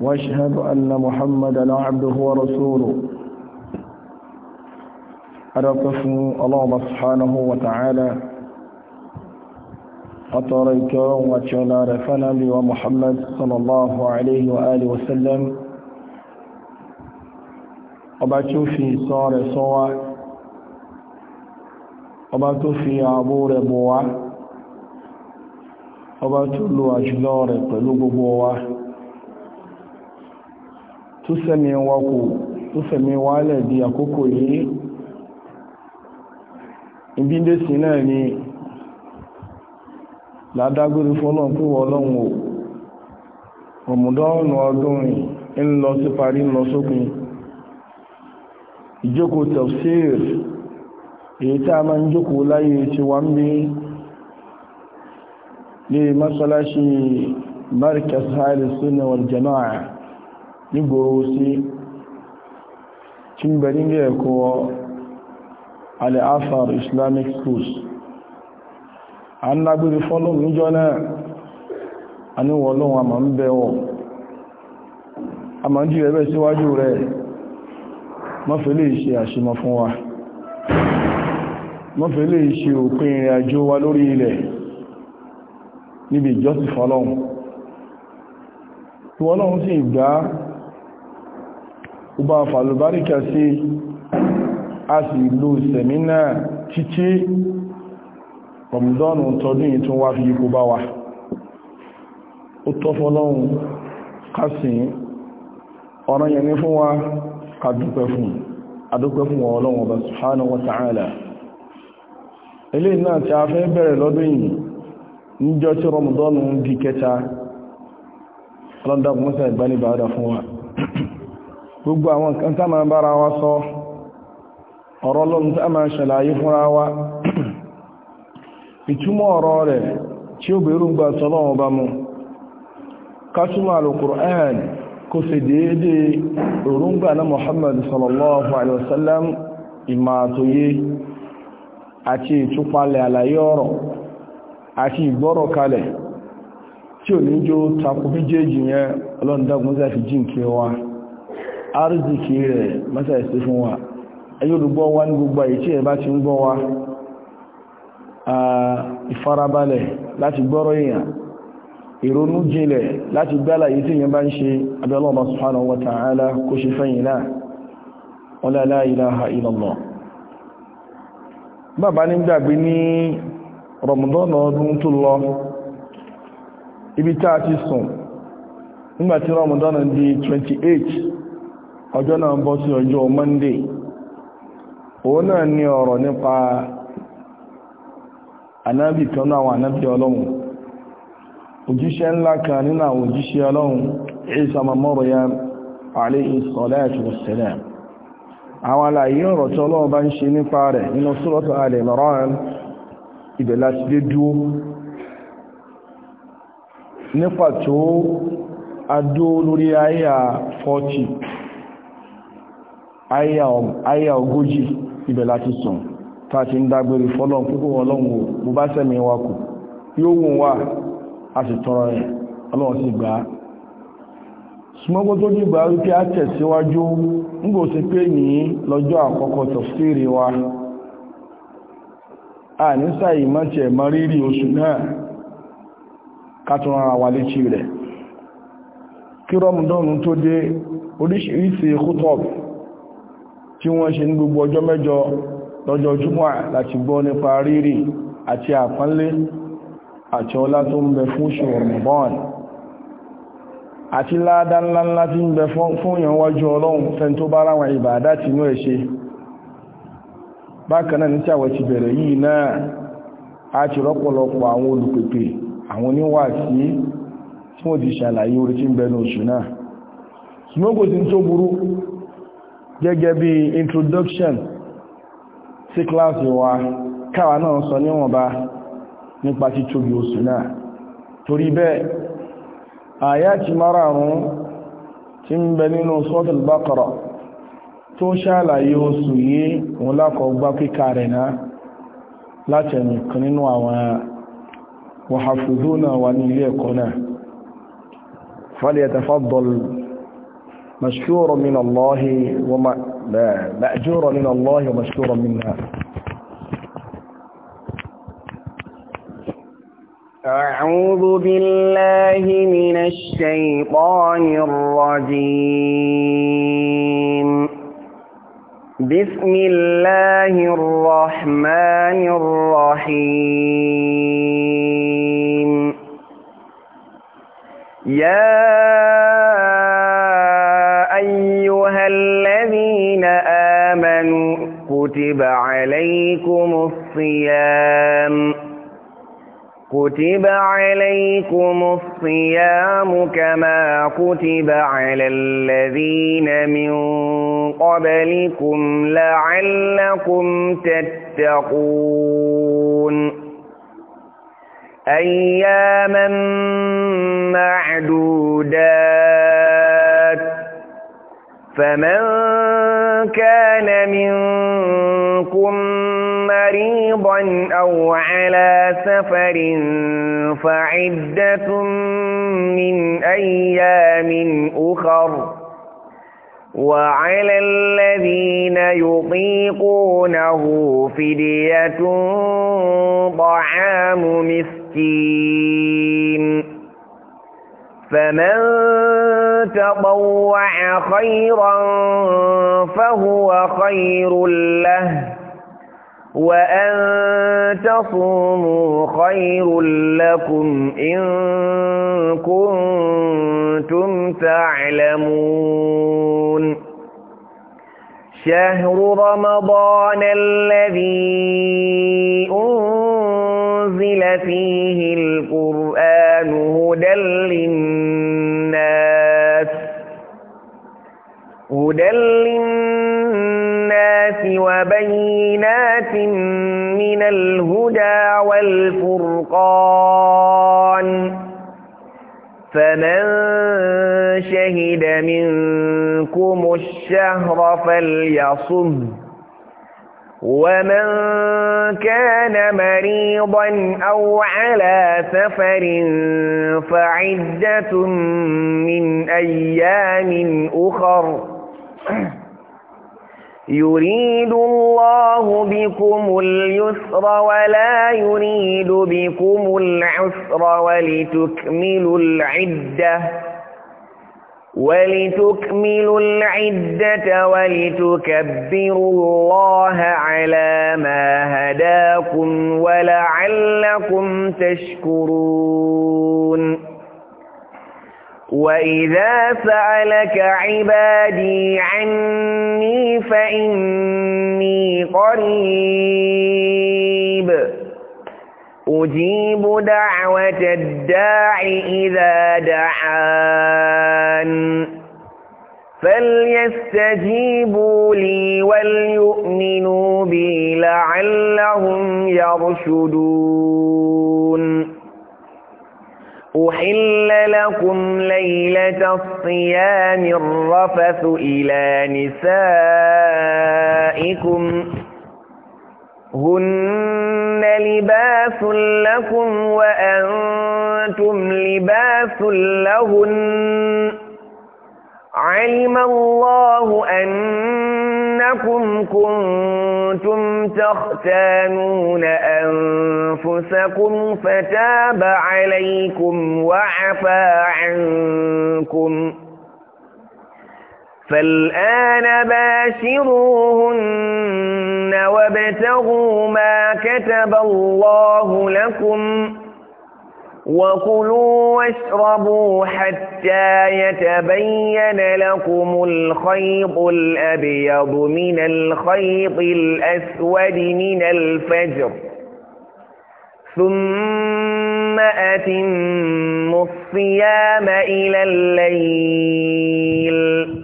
واشهد ان محمدا عبده ورسوله أرقف الله سبحانه وتعالى أتريك على رفنا ومحمد صلى الله عليه وآله وسلم أبعتو في صار صوى أبعتو في عبور بوى أبعتو لواجلار قلوب بوى tó sẹ́mi wa kò tó sẹ́mi wa lẹ̀ di àkókò yìí ìbíndèsí náà ni ládágbérí fọ́nà pé wọ́n lọ́hùn ò ọ̀mùdọ́ọ̀nù ọdún ń lọ sí parí lọ sópin ìjókòó èyí tí a máa nígboro sí tí ń bẹ nílé ẹ̀kọ́ islamic schools a ń lágbèrè fọ́lọ́ níjọ́ náà a ní ma ń bẹ̀wọ̀ a ma wa mọ́fẹ́lẹ̀ òpin ìrìn àjò wa lórí ilẹ̀ níbi kó bá fàlùbáríkà sí a sì lò sẹ̀mínà títí ọmọdọ́nù tọdún yìí tún wá fi yí bá wa ó tọ́fọ́lọ́hun kásìn ọ̀rọ̀ yẹn ní fún wa ká fún adúpẹ́ fún Ọlọ́run Ọba subhanahu wa ta'ala ilé náà tí a fẹ́ bẹ̀rẹ̀ lọ́dún yìí níjọ́ tí rọmọdọ́nù di kẹta ọlọ́dá gbogbo àwọn nǹkan tá máa bára wa sọ ọ̀rọ̀ lọ́nà tá máa ṣàlàyé fúnra wa ìtumọ̀ ọ̀rọ̀ rẹ̀ tí ó bẹ̀rù gbà sọ́lọ́wọ́ bá mú kásùmọ̀ al kò sì òrùngbà na Muhammad sallallahu alaihi wasallam arziki rẹ̀ mẹ́ta fún wa ayélujọ́ wa ní gbogbo ẹ bá ti ń gbọ́ wa ìfarabalẹ̀ láti gbọ́rọ̀ èèyàn ìrònú jinlẹ̀ láti gbálà yìí yẹn bá ń ṣe wa ta'ala ibi tá ti sùn nígbàtí Ramadan di 28 ọjọ́ náà bọ́ sí ọjọ́ monday òun náà ni ọ̀rọ̀ nípa anábì kan àwọn anábì ọlọ́run òjíṣẹ́ ńlá kan nínú àwọn òjíṣẹ́ ọlọ́run Isa Maryam alayhi salatu àyà ogójì ibẹ̀ láti sùn tàà ti ń dágbére fọ́lọ́n púpọ̀ ọlọ́run bó bá sẹ́mi wa kù yóò wùn a sì tọrọ ẹ̀ ọlọ́run sì gbà á tó wípé a tẹ̀síwájú nígbò pé ní lọ́jọ́ àkọ́kọ́ wa a ní sáyì mọ́tẹ̀ mariri oṣù náà kátùnrán wà létí rẹ̀ kí tó dé oríṣiríṣi kútọ́pù tí wọ́n ṣe ní gbogbo ọjọ́ mẹ́jọ lọ́jọ́ júmọ́ láti gbọ́ nípa rírì àti àpánlé àti ọlá tó ń bẹ fún ṣòròmọ̀bọ́n àti láàdá ńláńlá tí ń bẹ fún ìyànwájú ọlọ́run fẹ́n tó bá ráwọn ìbàdá tí inú ẹ̀ ṣe bákanáà ní tí àwẹ̀ ti bẹ̀rẹ̀ yìí náà a ti rọ́pọ̀lọpọ̀ àwọn olùpèpè àwọn oníwàásí tí wọ́n ti ṣàlàyé orí tí ń bẹ oṣù náà gẹ́gẹ́ bí introduction sí kíláàsì wa káwa náà sọ níwọ̀nba nípa títóbi oṣù náà torí bẹ́ẹ̀ àyá ti márààrún tí ń bẹ nínú sọ́tùl Baqara tó ṣàlàyé oṣù yìí òun lákọ̀ gbá kíkà rẹ̀ náà láti ẹnìkan nínú àwọn wàhàfùdó náà wà ní ilé ẹ̀kọ́ náà مشكورا من الله ماجورا من الله ومشكورا منا أعوذ بالله من الشيطان الرجيم بسم الله الرحمن الرحيم يا كتب عليكم الصيام كتب عليكم الصيام كما كتب على الذين من قبلكم لعلكم تتقون أياما معدودات فمن كان منكم مريضا أو على سفر فعدة من أيام أخر وعلى الذين يطيقونه فدية طعام مسكين فمن تطوع خيرا فهو خير له وأن تصوموا خير لكم إن كنتم تعلمون شهر رمضان الذي أنزل فيه القرآن هدى للناس هدى للناس وبينات من الهدى والفرقان فمن شهد منكم الشهر فليصم ومن كان مريضا أو على سفر فعدة من أيام أخر يريد الله بكم اليسر ولا يريد بكم العسر ولتكملوا العدة ولتكملوا العدة ولتكبروا الله على ما هداكم ولعلكم تشكرون وإذا سألك عبادي عني فإني قريب أجيب دعوة الداع إذا دعان فليستجيبوا لي وليؤمنوا بي لعلهم يرشدون أحل لكم ليلة الصيام الرفث إلى نسائكم هن لباس لكم وأنتم لباس لهن علم الله أن أنكم كنتم تختانون أنفسكم فتاب عليكم وعفى عنكم فالآن باشروهن وابتغوا ما كتب الله لكم وكلوا واشربوا حتى يتبين لكم الخيط الأبيض من الخيط الأسود من الفجر ثم أتموا الصيام إلى الليل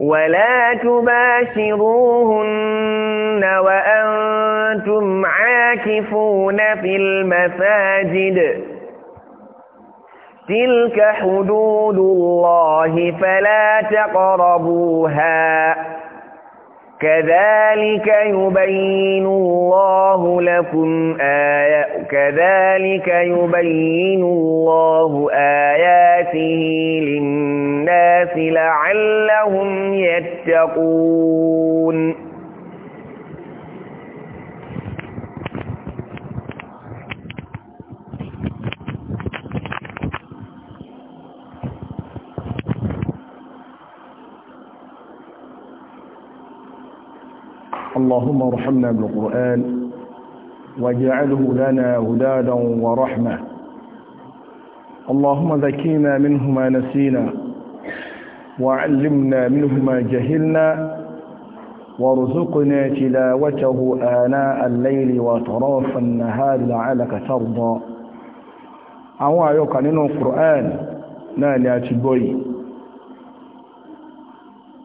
ولا تباشروهن وأنتم عاكفون في المساجد تلك حدود الله فلا تقربوها كذلك يبين الله لكم آية كذلك يبين الله آياته للناس لعلهم يتقون اللهم ارحمنا بالقرآن واجعله لنا هدادا ورحمة اللهم ذكينا منه ما نسينا وعلمنا منه ما جهلنا وارزقنا تلاوته آناء الليل وطراف النهار لعلك ترضى àwọn àyọkà nínú Qur'an náà ni a ti gbọ́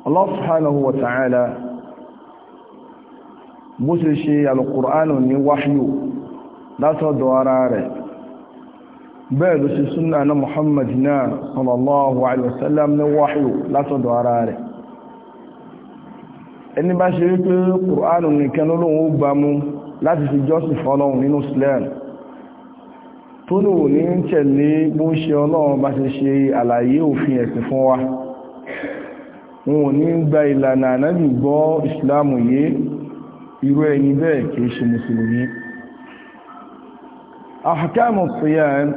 Allah subhanahu wa bó ṣe ṣe alùkùránù ní wáhíyò látọ̀dọ̀ ara rẹ̀ bẹ́ẹ̀ ló ṣe súnà na muhammad náà sallallahu alaihi wasallam ní wáhíyò látọ̀dọ̀ ara rẹ̀ ẹni bá ṣe wípé kùránù nìkan lóòrùn ó gbà mú láti fi jọ́sìn fọ́lọ́hun nínú islam tó lò ní tẹ̀lé bó ṣe wa wọn ò ní gba ìlànà ànábì gbọ́ ìsìlámù yìí irú ẹni bẹ́ẹ̀ kìí ṣe mùsùlùmí ahkamu siyam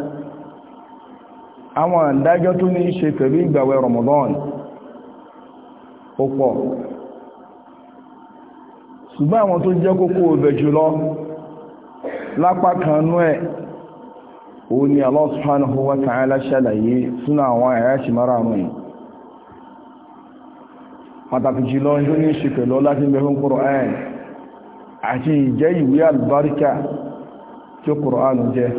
àwọn àdájọ́ tó ní ṣe pẹ̀lú ìgbàwẹ̀ Ramadan ó ṣùgbọ́n àwọn tó jẹ́ kókó ọbẹ̀ jùlọ lápá kan ẹ̀ ó ní Allah subhanahu wa ta'ala ṣàlàyé sínú àwọn àyàṣì pàtàkì jùlọ ní ṣe pẹ̀lú láti bẹ̀rún àti ìjẹ́ ìwé albarka tí Kùránù jẹ́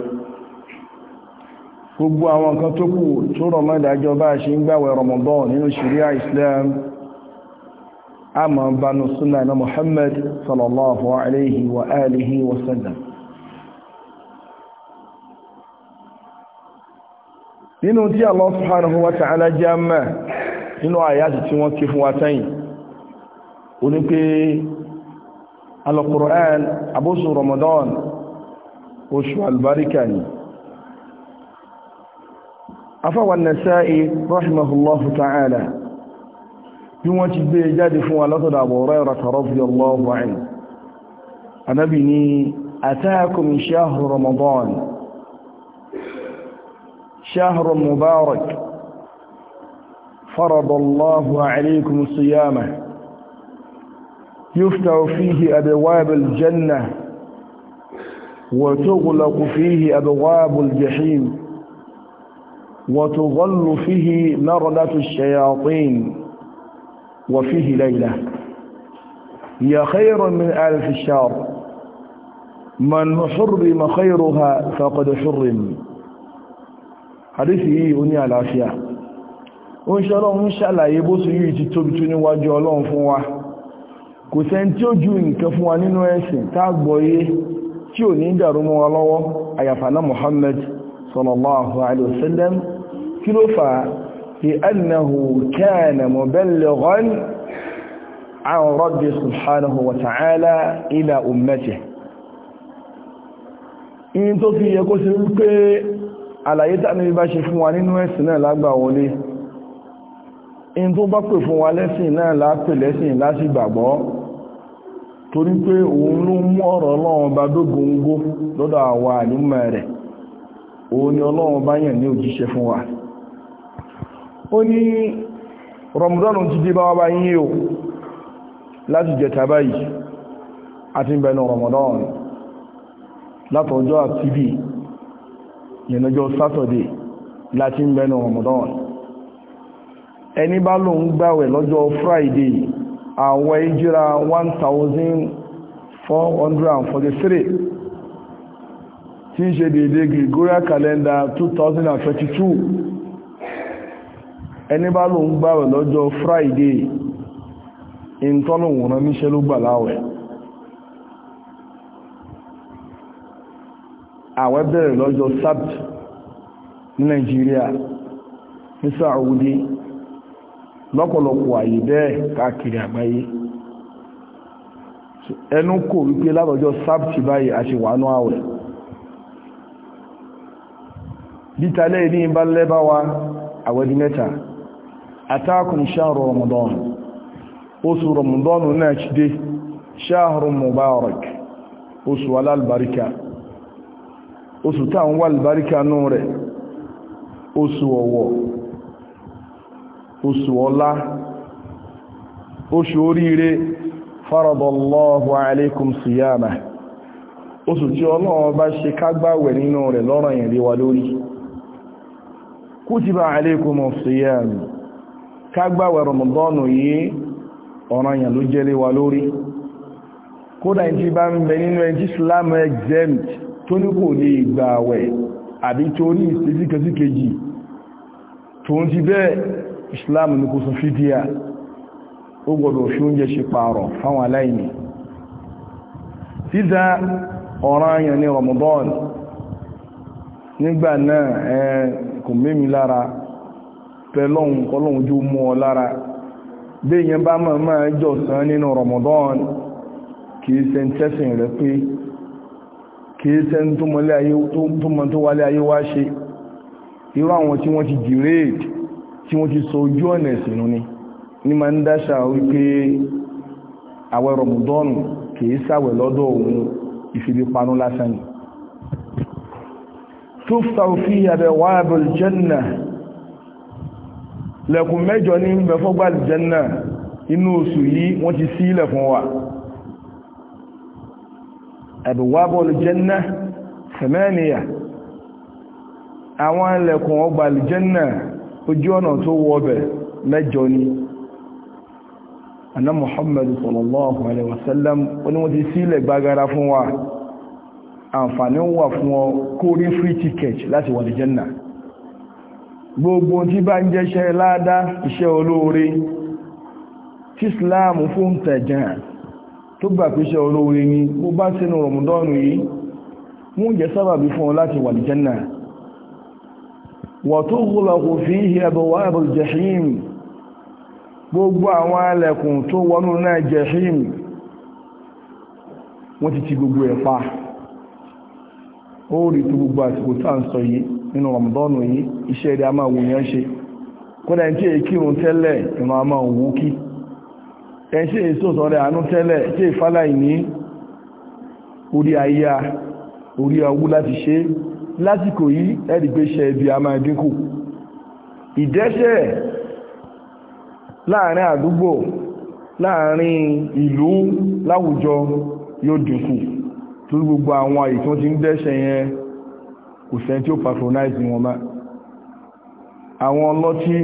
gbogbo àwọn nǹkan tó kù tó rọmọdájọ́ bá ṣe ń gbàwẹ̀ Ramadan nínú sharia Islam a ma ń bá nùsùnà na Muhammad sallallahu alaihi wa alihi wasallam nínú tí Allah subhanahu wa ta'ala jẹ́ mẹ́ nínú àyájú tí wọ́n kí fún wa tẹ́yìn onípe القرآن أبوس رمضان أشوى البركان أفوى النساء رحمه الله تعالى يوم تبدي إجاد فوى لطد أبو ريرة رضي الله عنه أنا بني أتاكم شهر رمضان شهر مبارك فرض الله عليكم صيامه يفتح فيه أبواب الجنة وتغلق فيه أبواب الجحيم وتظل فيه مردة الشياطين وفيه ليلة هي خير من ألف الشهر من حرم خيرها فقد حرم حديثه على العافية وإن شاء الله إن شاء الله يبوس يجي تبتني واجه الله فواه kò sẹ́ni tí ó ju nǹkan fún wa nínú ẹ̀sìn tágbọ̀yé tí ò ní dàrú mọ́ wa lọ́wọ́ àyàfàná Muhammad sallallahu alaihi wasallam kí ló fà fi annahu kana muballighan an rabbi subhanahu wa ta'ala ila ummatihi in tó fi yẹ kó sí wípé àlàyé tánàbí bá ṣe fún wa nínú ẹ̀sìn náà lágbà in tó bá pè fún wa lẹ́sìn náà lápè lẹ́sìn láti gbàgbọ́ torí pé òun ló mú ọ̀rọ̀ ọlọ́run bá dógóngó lọ́dọ̀ àwa ànímọ̀ rẹ̀ òun ni ọlọ́run bá yàn ní òjíṣẹ́ fún wa ó ní rọmọdọ́nù ti dé bá wá bá yín o láti jẹta báyìí àti ìbẹ̀nà rọmọdọ́nù látọjọ́ àti bí ìyẹnàjọ́ sátọ̀dẹ̀ láti ìbẹ̀nà rọmọdọ́nù ẹni bá lòun gbàwẹ̀ lọ́jọ́ friday àwẹ̀ ìjírà 1443 tí ń ṣe dédé gregorian calendar 2022 ẹni bá lòun gbàwẹ̀ lọ́jọ́ friday ìntọ́lùwòrán níṣẹ́ ló gbà láwẹ̀ àwẹ̀ bẹ̀rẹ̀ lọ́jọ́ sábt ní Nigeria. ní Saudi lọ́pọ̀lọpọ̀ àyè bẹ́ẹ̀ káàkiri àgbáyé ẹnu kò wípé lábọ̀jọ́ sábtì báyìí a ṣe wà ní àwẹ̀ bítalẹ̀ ní bá lẹ́bá wa àwẹ̀dí mẹ́ta atákùn ṣáàrù Ramadan oṣù Ramadan náà ti dé ṣáàrù mubarak oṣù alálbarika oṣù táwọn wà albarika náà rẹ̀ oṣù ọ̀wọ̀ oṣù ọlá oṣù oríire faradallahu alaikum siyama oṣù tí ọlọ́wọ́ bá ṣe kágbàwẹ̀ nínú rẹ̀ lọ́rọ̀ ìrìn wa lórí kútìbà alaikum siyama kágbàwẹ̀ rọmọdọ́nù yìí ọ̀ranyàn ló jẹ́ wa lórí kódà tí bá ń bẹ nínú ẹjí islam exempt tó ní kò lè gbàwẹ̀ àbí tó ń ti islam ní kò sọ fídíà ó gbọdọ̀ fi oúnjẹ ṣe pààrọ̀ fáwọn aláìní dídá ọ̀ranyàn ní Ramadan nígbà náà ẹ kò mẹ́mi lára pẹ̀lọ́hun kọlọ́hun jó mú ọ lára béèyàn bá máa máa jọ̀sán nínú Ramadan kìí ṣe ń tẹ́sìn rẹ̀ pé kìí ṣe ń tó mọ́ tó wálé ayé wá ṣe irú àwọn tí wọ́n ti dìrèdì tí wọ́n ti so ojú ọ̀nà ìsìnú ni ní ma ń dáṣà wípé àwẹ̀ rọ̀mùdọ́nù kìí sàwẹ̀ lọ́dọ̀ òun ìfìdípanú lásán ni tuftahu fiha abwabul janna lẹ̀kùn mẹ́jọ ní mẹ́fọ́gbà aljanna inú oṣù yìí wọ́n ti ṣí ilẹ̀kùn wa abwabul janna ojú ọ̀nà tó wọ́bẹ̀ mẹ́jọ ni anna muhammadu sallallahu alaihi wasallam oníwọ́n ti sílẹ̀ gbagara fún wa àǹfààní wà fún ọ kó rí free ticket láti wà ní jẹ́nà gbogbo tí bá ń jẹ́ṣẹ́ ládá iṣẹ́ olóore tí islam fún tẹ̀jẹ̀ tó gbà pé iṣẹ́ olóore ni bó bá sínú rọ̀mùdọ́nù yìí wọ́n jẹ́ sábàbí fún ọ láti wà ní وتغلق فيه أبواب الجحيم gbogbo àwọn alẹ̀kùn tó wọnú náà jẹ̀hìm wọ́n ti ti gbogbo ẹ̀ pa ó rí tó gbogbo àsìkò tá ń sọ yìí nínú ramadanu yìí iṣẹ́ rẹ̀ a máa wù yán ṣe kódà tí èyí kírun tẹ́lẹ̀ ìran a máa wù kí ẹ̀ ṣe èso sọ rẹ̀ àánú tẹ́lẹ̀ tí ìfáláì ní orí ayá orí awú láti ṣe é lásìkò yìí ẹ̀rì pé ṣe ibi a máa dínkù ìdẹ́ṣẹ̀ láàrin àdúgbò láàrin ìlú láwùjọ yóò dínkù tó gbogbo àwọn àyè tí wọ́n ti ń dẹ́ṣẹ̀ yẹn kò sẹ́ni tí ó patronize wọn má àwọn ọlọ́tí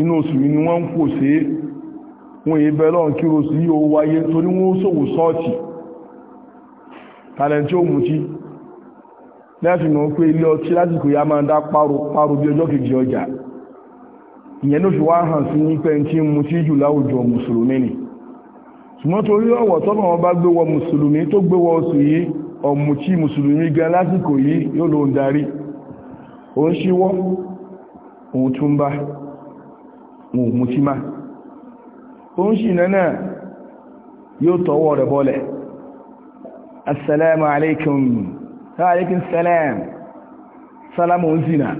inú oṣù yìí ni wọ́n ń pò sí wọn èyí bẹ́ẹ̀ lọ́n kí oṣù yìí ó wáyé torí wọ́n ó sọ́ọ̀tì tàlẹ̀ tí ó mutí lẹ́fì mọ̀ pé ilé ọtí lásìkò ya máa dá páro bí ọjọ́ kejì ọjà ìyẹn ló fi wá hàn sí nípa ẹni tí ń mutí jù láwùjọ mùsùlùmí ni ṣùgbọ́n torí ọ̀wọ̀ tọ́nà wọn bá gbé wọ mùsùlùmí tó gbé wọ oṣù yìí ọ̀mùtí mùsùlùmí gan lásìkò yìí yóò ló ń darí òun ṣíwọ́ òun tún bá òun mutí má òun ṣì nánà yóò tọwọ́ rẹ̀ bọ́lẹ̀ assalamu alaikum alaikum salam sálámù ń zìnà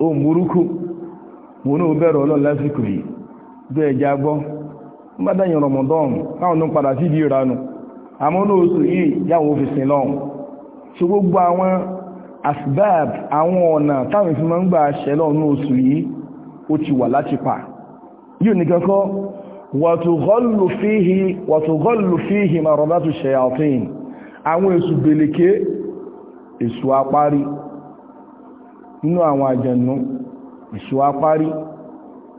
ó múrúkú mo ní bẹ̀rù ọlọ́run lásìkò yìí bẹ́ẹ̀ já gbọ́ nígbà tẹ̀yìn rọmọdọ́n káwọn ló ń padà sí ìdí ìranù àmọ́ oṣù yìí yàwó fi sin ṣe gbogbo àwọn asbab àwọn ọ̀nà táwọn ìfimọ́ ń gbà ṣẹ lọ́hùn ní oṣù yìí ó ti wà láti pa yóò ní kẹ́kọ́ wàtúgọ́lù fíhì màrọ̀dátù ṣẹ̀yàtín àwọn èṣù gbèlèké èṣù apárí nínú àwọn àjẹ̀nú èṣù apárí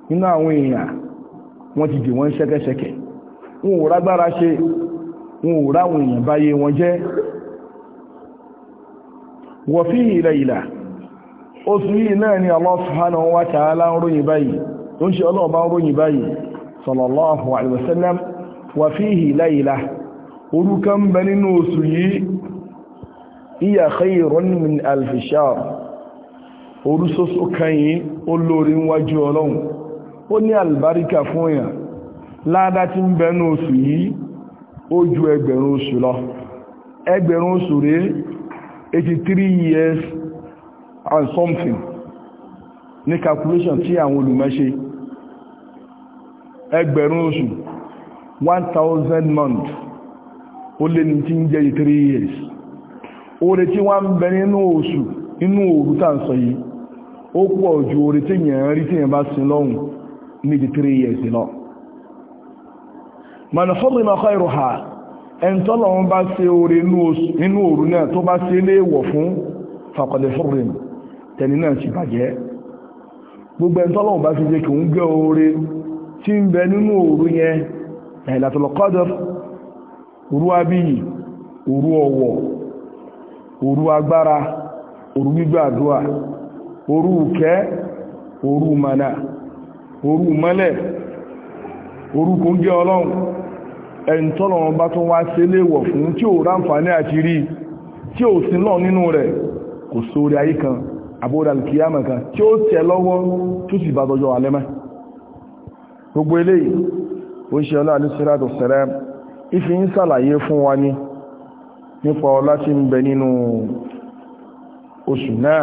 nínú àwọn èèyàn wọ́n ti wọ́n wọn ò rágbára ṣe wọn ò ráwọn èèyàn báyé wọn jẹ́ wọ̀ fí ilẹ̀ ìlà oṣù yìí náà ni Allah subhanahu wa ta'ala báyìí tó ń ṣe ọlọ́ọ̀bá báyìí wà láìlá orúkọ ń bẹ nínú iya khayrun min alfi shahr orúsọ́sọ́ kan yìí ó lórí wájú ọlọ́run ó ní àlùbáríkà fún èèyàn ládá tí ń bẹnu oṣù yìí ó ju ẹgbẹ̀rún oṣù 83 years and something ní calculation tí àwọn olùmọ́ṣe ẹgbẹ̀rún oṣù 1000 months ó lé ní tí ń jẹ́ 3 years oore tí wọ́n ń bẹ nínú oṣù inú òru tàà sọ yìí ó pọ̀ ju oore tí yẹn rí tí yẹn bá sin lọ́hùn ní di 3 years lọ manufọ́dún ma kọ́ bá se oore inú òru náà tó bá fún fàkọ̀lẹ̀ tẹni náà gẹ́ oru agbara oru gbigbe aduwa oru uke oru mana oru mele oru kunge olon en tolorun ba tun wa se fun ti o ra nfani ati ri ti o sin lo ninu re ko ri ayi kan abodal kiyama kan ti o se lowo tu si ba dojo alema gbogbo eleyi o se ola ali siratu ifi n salaye fun wa nípa ọlá tí ń bẹ nínú oṣù náà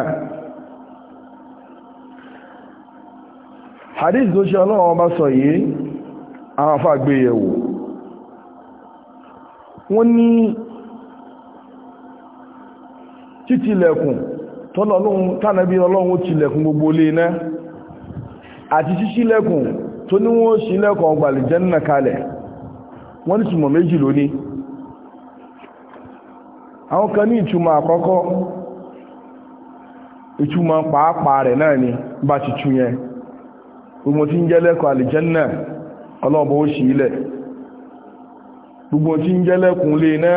hadith tó ṣe ọlọ́wọ́ bá sọ yìí àwọn afá gbé e yẹ̀wò wọ́n ní títílẹ̀kùn tánàbí ọlọ́run tílẹ̀kùn gbogbo lè iná àti síṣílẹ̀kùn tó ní wọ́n sílẹ̀kùn ọgbàlì jẹ́ nà kalẹ̀ wọ́n ní túnmọ̀ méjì lónìí àwọn kan ní ìtumọ̀ àkọ́kọ́ ìtumọ̀ pàápàá rẹ̀ náà ni bá ti tún yẹn gbogbo tí ń jẹ́ lẹ́kọ̀ọ́ àlìjẹ́nà ọlọ́ọ̀bọ̀ ó sì ilẹ̀ gbogbo tí ń jẹ́ lẹ́kùn lè náà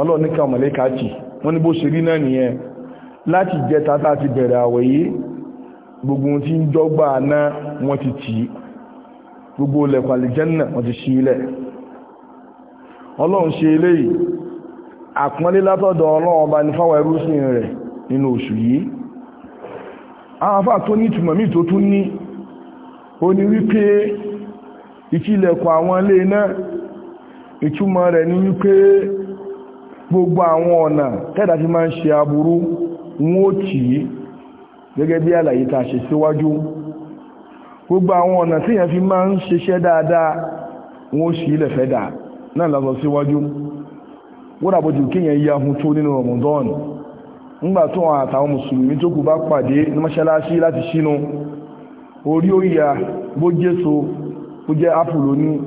ọlọ́ọ̀níkà mọ̀lẹ́kàájì wọ́n ní bó ṣe rí náà nìyẹn ọlọ́run ṣe eléyìí àpọ́nlé látọ̀dọ̀ ọlọ́run ọba ní fáwọn ẹrúsìn rẹ̀ nínú oṣù yìí àwọn afá tó ní ìtumọ̀ míì tó tún ní ó ní wípé ìkílẹ̀kùn àwọn ilé náà ìtumọ̀ rẹ̀ ní wípé gbogbo àwọn ọ̀nà tẹ́dà fi máa ń ṣe aburú wọn ó tì í gẹ́gẹ́ bí àlàyé tá ṣe síwájú gbogbo àwọn ọ̀nà tí èèyàn fi máa ń ṣiṣẹ́ dáadáa wọn ó ṣì í lẹ̀fẹ́ dà náà lọ́sọ síwájú wọ́n àbójú kíyàn yá hun tó nínú Ramadan ńgbà tó wọn àtàwọn mùsùlùmí tó kù bá pàdé ní mọ́ṣáláṣí láti sínú orí ó yà bó jésò bó jẹ́ ápù lóní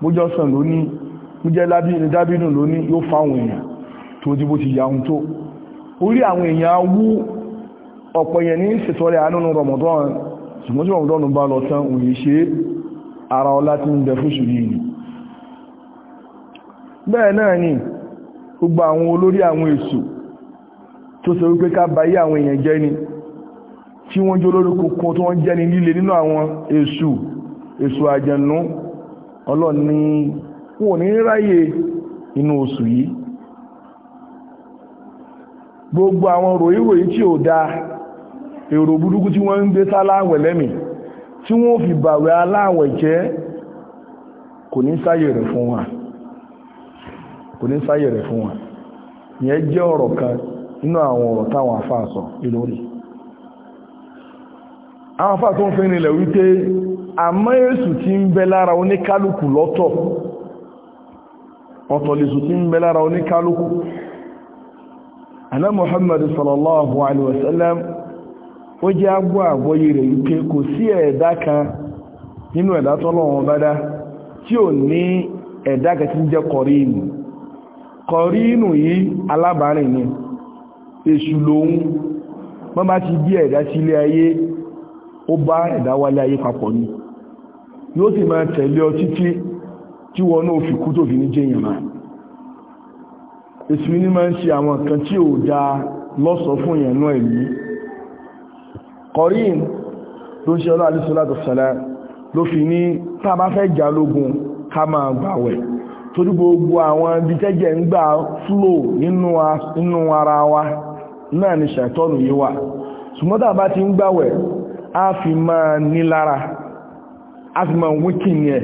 bó jẹ́ ọsàn lóní bó jẹ́ dábínù lóní yóò fáwọn èèyàn tó di bó ti yà hun tó orí àwọn èèyàn wú ọ̀pọ̀ èèyàn ní ṣètọ́rẹ̀ àánú Ramadan ṣùgbọ́n tí Ramadan bá lọ gbogbo àwọn olórí àwọn èṣù tó sọ wípé ká báyé àwọn èèyàn jẹ́ ni tí wọ́n jẹ́ olórí kòkó tó wọ́n jẹ́ ni líle nínú àwọn èṣù èṣù àjẹ̀nú ọlọ́ni wọn ò ní ráyè inú oṣù yìí gbogbo àwọn ròyìnròyìn tí ò dáa èrò burúkú tí wọ́n ń gbé sáláwẹ̀ lẹ́mì tí wọ́n fi bàwẹ̀ aláwẹ̀ jẹ́ kò ní sáyè rẹ̀ fún wa. kò ní sáyè rẹ̀ fún wa ìyẹn jẹ́ ọ̀rọ̀ kan nínú àwọn ọ̀rọ̀ táwọn afáà sọ lórí àwọn afáà tó ń fi rinlẹ̀ wípé àmọ́ èsù tí ń bẹ lára oníkálukú lọ́tọ̀ ọ̀tọ̀ ń lára oníkálukú muhammadu sallallahu wasallam ó jẹ́ agbó àgbóyé rẹ̀ wípé kò sí ẹ̀dá kan nínú ẹ̀dá tọ́lọ́wọ́n bá dá tí ò ní ẹ̀dá kọ̀rínù yìí alábàárìn ni èṣù lòun wọ́n bá ti bí ẹ̀dá sí ilé ayé ó bá ẹ̀dá wálé ayé papọ̀ ni yóò sì máa tẹ̀lé ọ títí tí wọn náà fi kú tó fi ní jẹ́yìn máa èṣù ní máa ń ṣe àwọn nǹkan tí ò dáa lọ́sọ̀ fún èèyàn náà torí gbogbo àwọn ibi tẹ́jẹ̀ ń gbà fúlò nínú ara wa náà ni ṣàìtọ́nù yìí wà ṣùgbọ́n bá ti ń gbàwẹ̀ a fi máa nílára a fi máa wíkìn yẹn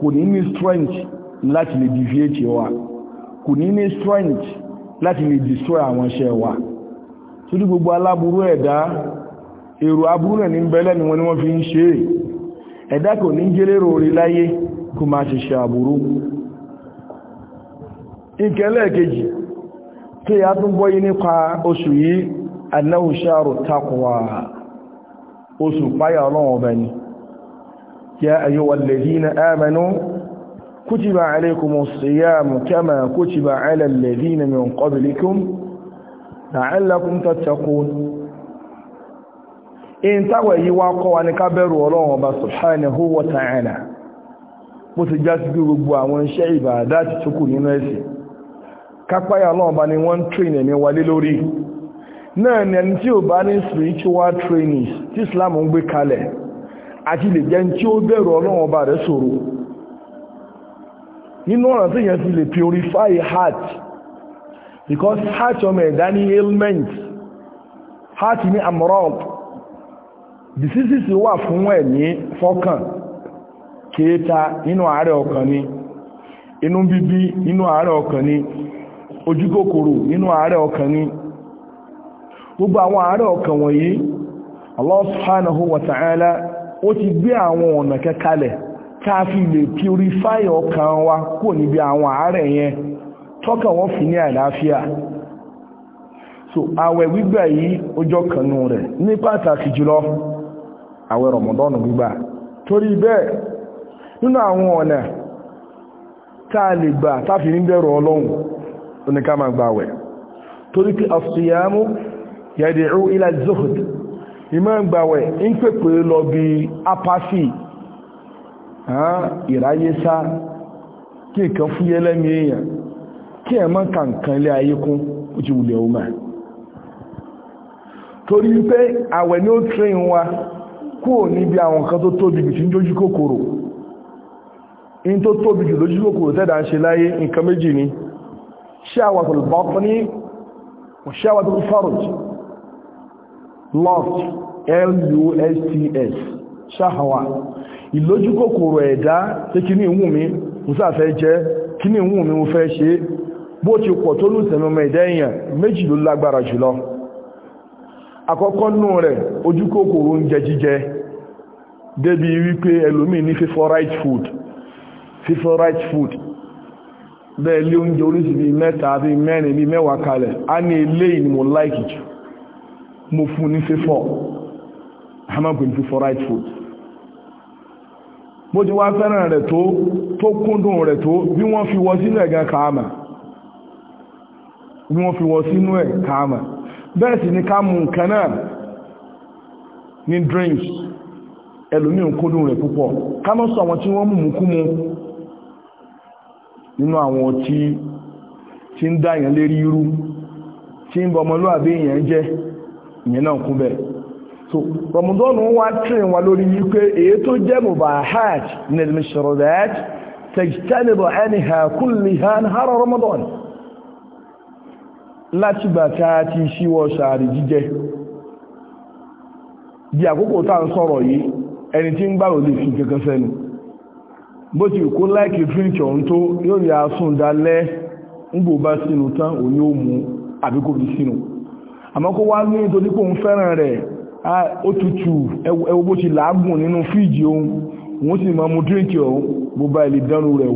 kò ní ní strength láti lè deviate wa kò ní ní strength láti lè destroy àwọn iṣẹ́ wa torí gbogbo aláburú ẹ̀dá èrò aburú rẹ̀ ní bẹ́lẹ̀ ni wọ́n ni wọ́n fi ń ṣe ẹ̀dá kò ní jẹ́lérò orí láyé kó máa ṣe ṣe aburú ìkẹlẹ̀ kejì tí a tún gbọ́ yí nípa oṣù yìí annahu sha'ru taqwa oṣù páyà ọlọ́wọ̀n ọba ni ya ayyuhal ladhina amanu kutiba alaykumus siyamu kama kutiba alal ladhina min qablikum la'allakum tattaqun in táwẹ̀ yí wá kọ́ wa ní ká ọlọ́wọ̀n ọba subhanahu bó ti já sí gbogbo àwọn iṣẹ́ ìbàdá ti tókù nínú ẹ̀sìn kápáyà ọba ni wọ́n train ẹ̀mí wálé lórí náà na ẹni tí ò bá ní spiritual trainings tí Islam ń gbé kalẹ̀ àti lè jẹ́ tí ó bẹ̀rù ọlọ́ọ̀bá rẹ̀ ṣòro nínú ọ̀ràn tí yẹn fi lè purify heart because heart ọmọ ẹ̀dá ní ailment heart ní amorant diseases wà fún ẹ̀mí fọ́kàn kéèta nínú àárẹ̀ ọkàn ni inú bíbí nínú àárẹ̀ ọkàn ni ojúkòkòrò nínú àárẹ̀ ọkàn ni gbogbo àwọn àárẹ̀ ọkàn wọ̀nyí Allah subhanahu wa ta'ala ó ti gbé àwọn ọ̀nà kẹkalẹ̀ ká lè purify ọkàn wa kò níbi àwọn àárẹ̀ yẹn tọ́kàn wọ́n fi ní àlàáfíà so àwẹ̀ gbígbà yìí ọjọ́ kanú rẹ̀ ní pàtàkì jùlọ àwẹ̀ Ramadan gbígbà torí bẹ́ẹ̀ nínú àwọn ọ̀nà tá a lè gbà táfi ní bẹ̀rù Ọlọ́run ní ká máa gbàwẹ̀ torí pé asiyamu yad'u ila zuhd ìmọ̀ gbàwẹ̀ ń pèpè lọ bí apáfì ìráyé sá kí ìkan fúyẹ́ lẹ́mí èèyàn kí ẹ mọ́ kàǹkan ilé ayé kún ó ti wùlẹ̀ ọmọ torí pé àwẹ̀ ní ó tẹ́ wa kúrò níbi àwọn kan tó tóbi jù ń jójú kòkòrò in tó tóbi jù lójú kòkòrò tẹ́dà ń ṣe láyé nǹkan méjì ni شهوة البطن وشهوة الفرج lust l-u-s-t-s ṣáhàwà ìlójúkòkòrò ẹ̀dá tí kí ní ìwú mi mo sáfẹ́ jẹ́ kí ní ìwú mi mo fẹ́ ṣe bó ti pọ̀ tó ní ìsẹ̀mọ̀mọ̀ ẹ̀dá èèyàn méjì ló lágbára jùlọ àkọ́kọ́ nù rẹ̀ ojúkòkòrò oúnjẹ jíjẹ débi wípé ẹlòmíì ní fífọ́ right food fífọ́ right food bẹ́ẹ̀ lé oúnjẹ oríṣi bíi mẹ́ta bíi mẹ́rin bíi mẹ́wàá kalẹ̀ á ní eléyìí ni mo láìkì jù mo fún ní fífọ́ hamam pẹ̀lú fífọ́ right foot bó ti wá fẹ́ràn rẹ̀ tó tó kúndùn rẹ̀ tó bí wọ́n fi wọ sínú ẹ̀ gan kàámà bí wọ́n fi wọ sínú ẹ̀ kàámà bẹ́ẹ̀ sì ni ká mú nǹkan náà ní drinks ẹlòmíì kúndùn rẹ̀ púpọ̀ ká má sọ àwọn tí wọ́n mú mú kú mu nínú àwọn ọtí tí ń dá èèyàn lérí irú tí ń bọmọlúwàbí èèyàn jẹ́ ìyẹn náà kún bẹ́ẹ̀ so rọmọdọ́nù wá tírìn wa lórí wípé èyí tó jẹ́ mubahat ní al-mashrubat tajtanibu anha kulliha nahara rọmọdọ́nù látìgbà tí a ti ṣíwọ́ sàárì jíjẹ di àkókò tá à ń sọ̀rọ̀ yìí ẹni tí ń gbàrò lè fi kankan sẹ́nu bó ti kó drink ọ̀hún tó yóò ní asún dalẹ́ ńgbò bá sínú tán ò ní ó mú àbí kò sínú àmọ́ wá ní nítorí pé fẹ́ràn rẹ̀ ó tutù ẹwọ bó ti làágùn nínú sì máa mu drink ọ̀hún bó bá ilé dánú rẹ̀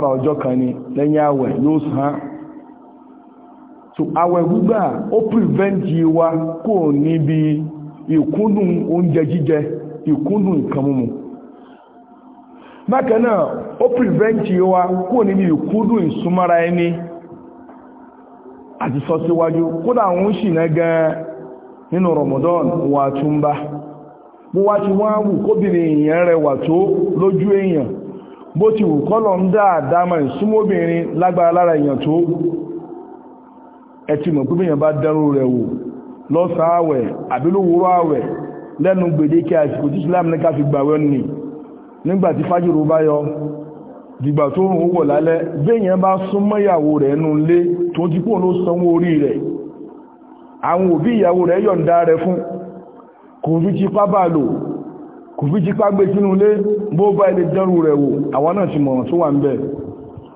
wò kan ni lẹ́yìn àwẹ̀ yóò sàn so àwẹ̀ gbígbà ó wa kò níbi ìkúndùn oúnjẹ jíjẹ ìkúndùn ìkan mímu bákan náà ó pìrìvẹ́ǹtì wa kúrò níbi ìkúdù ìsúnmọ́ra ẹni àti sọ síwájú kódà àwọn ń ṣìnà gan nínú Ramadan wà túnbá bó wá ti wọ́n wù kóbìnrin èèyàn rẹwà tó lójú èèyàn bó ti wù kọ́lọ̀ ń dáadáa máa ìsúnmọ́bìnrin lágbára lára èèyàn tó ẹ ti mọ̀ pípéyàn bá dẹrù rẹ̀ wò lọ́sàn-án àwẹ̀ àbílówóró àwẹ̀ lẹ́nu gbèdéke àsìkò tí Islam ní ká fi gbàwẹ̀ nìyí nígbàtí fájìrò bá yọ dìgbà tó ń wọ̀ lálẹ́ béèyàn bá súnmọ́ ìyàwó rẹ̀ nù lé tó ti pò ló sanwó orí rẹ̀ àwọn òbí ìyàwó rẹ̀ yọ̀ǹda rẹ̀ fún kò fi ti pá bá lò kò fi ti pá gbé sínú lé bó bá ilé dẹ́rù rẹ̀ wò àwọn náà ti mọ̀ràn tó wà ń bẹ̀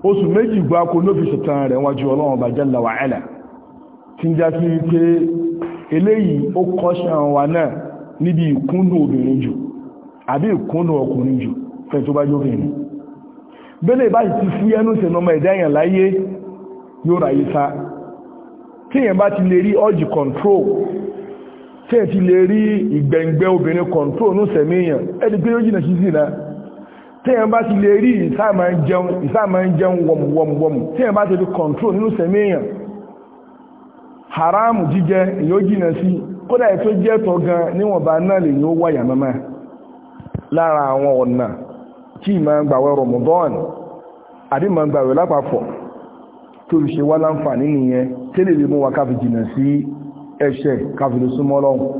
oṣù méjì gbáko ló fi ṣètàn rẹ̀ wájú ọlọ́run bá jalla wa ala tí ń já sí wípé eléyìí ó kọ́ṣàn wa náà níbi ìkúndùn obìnrin jù àbí ìkúnnù ọkùnrin jù fẹ́ tó bá jóbìnrin bẹ́lẹ̀ bá ti fú yẹnú sẹ̀nà ọmọ ẹ̀dá èèyàn láyé yóò ráyé sá tí èèyàn bá ti lè rí ọ́jì control tí èèyàn ti lè rí ìgbẹ̀ǹgbẹ́ obìnrin control ní sẹ̀mí èèyàn ẹni pé ó jìnà sí sí náà tí èèyàn bá ti lè rí ìsáàmà ń jẹun wọ̀mùwọ̀mù tí èèyàn bá ti lè control nínú sẹ̀mí èèyàn haramu jíjẹ èèyàn jìnà sí kódà ètò jẹ́ tọ́ gan níwọ̀nba náà lè ní ó wáyà mọ́mọ́ lára àwọn ọ̀nà tí ìmọ̀ gbàwẹ̀ Ramadan ma ìmọ̀ gbàwẹ̀ lápapọ̀ tó fi ṣe wá láǹfààní nìyẹn tẹ́lẹ̀ lè mú wa káfi jìnà sí ẹ̀ṣẹ̀ káfi lè súnmọ́ lọ́hùn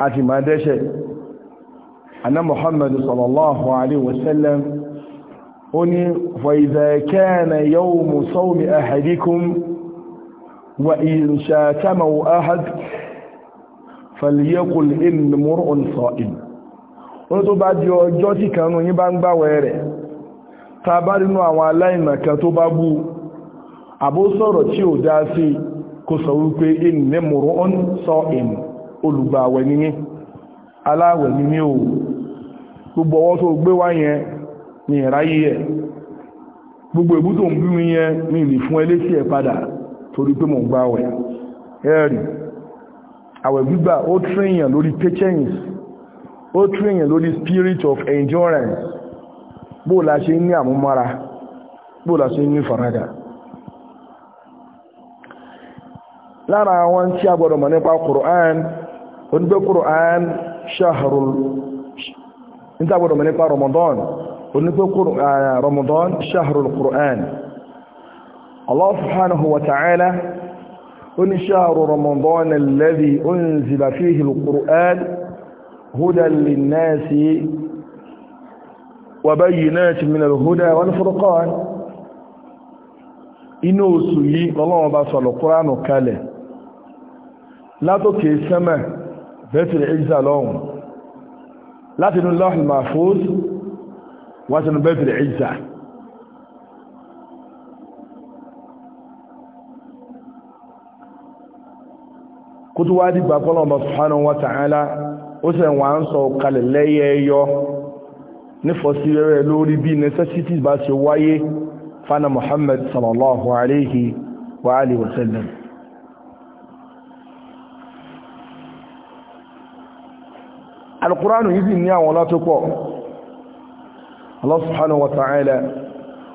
ara àti ma dẹ́ṣẹ̀ anna muhammadu sallallahu alaihi wasallam ó ní faiza kana yawmu sawmi ahadikum wa in shakamahu ahad falyaqul inni mur'un sa'im ó tó bá di ọjọ́ tí kan yín bá ń gbààwẹ̀ rẹ̀ tá bá rínú àwọn aláìmọ̀ kan tó bá bú àbó sọ̀rọ̀ tí ò dá sí kó sọ wípé inni mur'un sa'im olùgbààwẹ̀ nìyẹn aláwẹ̀ ní ní o gbogbo ọwọ́ tó gbé wá yẹn ní ìráyé ẹ̀ gbogbo ìbú tó ń bí mi yẹn ní ìlì fún ẹlé sí ẹ̀ padà torí pé mọ̀ gbá wẹ̀ ẹ̀rì àwẹ̀ gbígbà ó tríyàn lórí patience ó tríyàn lórí spirit of endurance bóòlá ṣe ní àmúmára bóòlá ṣe ní faradà lára àwọn tí a gbọ́dọ̀ mọ̀ nípa Qur'an onígbé Qur'an شهر انت ابو رمضان رمضان آه، ونقول رمضان شهر القرآن الله سبحانه وتعالى ان شهر رمضان الذي انزل فيه القرآن هدى للناس وبينات من الهدى والفرقان inú òsù yí ọlọ́run bá sọ̀lọ̀kúránù kalẹ̀ látòkè sẹ́mẹ̀ bẹ́tìrì ìjìsà lọ́hùn láti inú lọ́hùn mahfuz wá sínú bẹ́tìrì ìjìsà kó tó wá dìgbà pọ́lọ̀mọ̀ subhanahu wa ta'ala ó sì wà ń sọ kalẹ̀ lẹ́yẹ ẹyọ nífọ̀sí rẹ̀ lórí bí necessities bá ṣe wáyé fana Muhammad sallallahu alaihi wa alihi wa alkùránù yìí sì ní àwọn ọlá tó pọ̀ Allah subhanahu wa ta'ala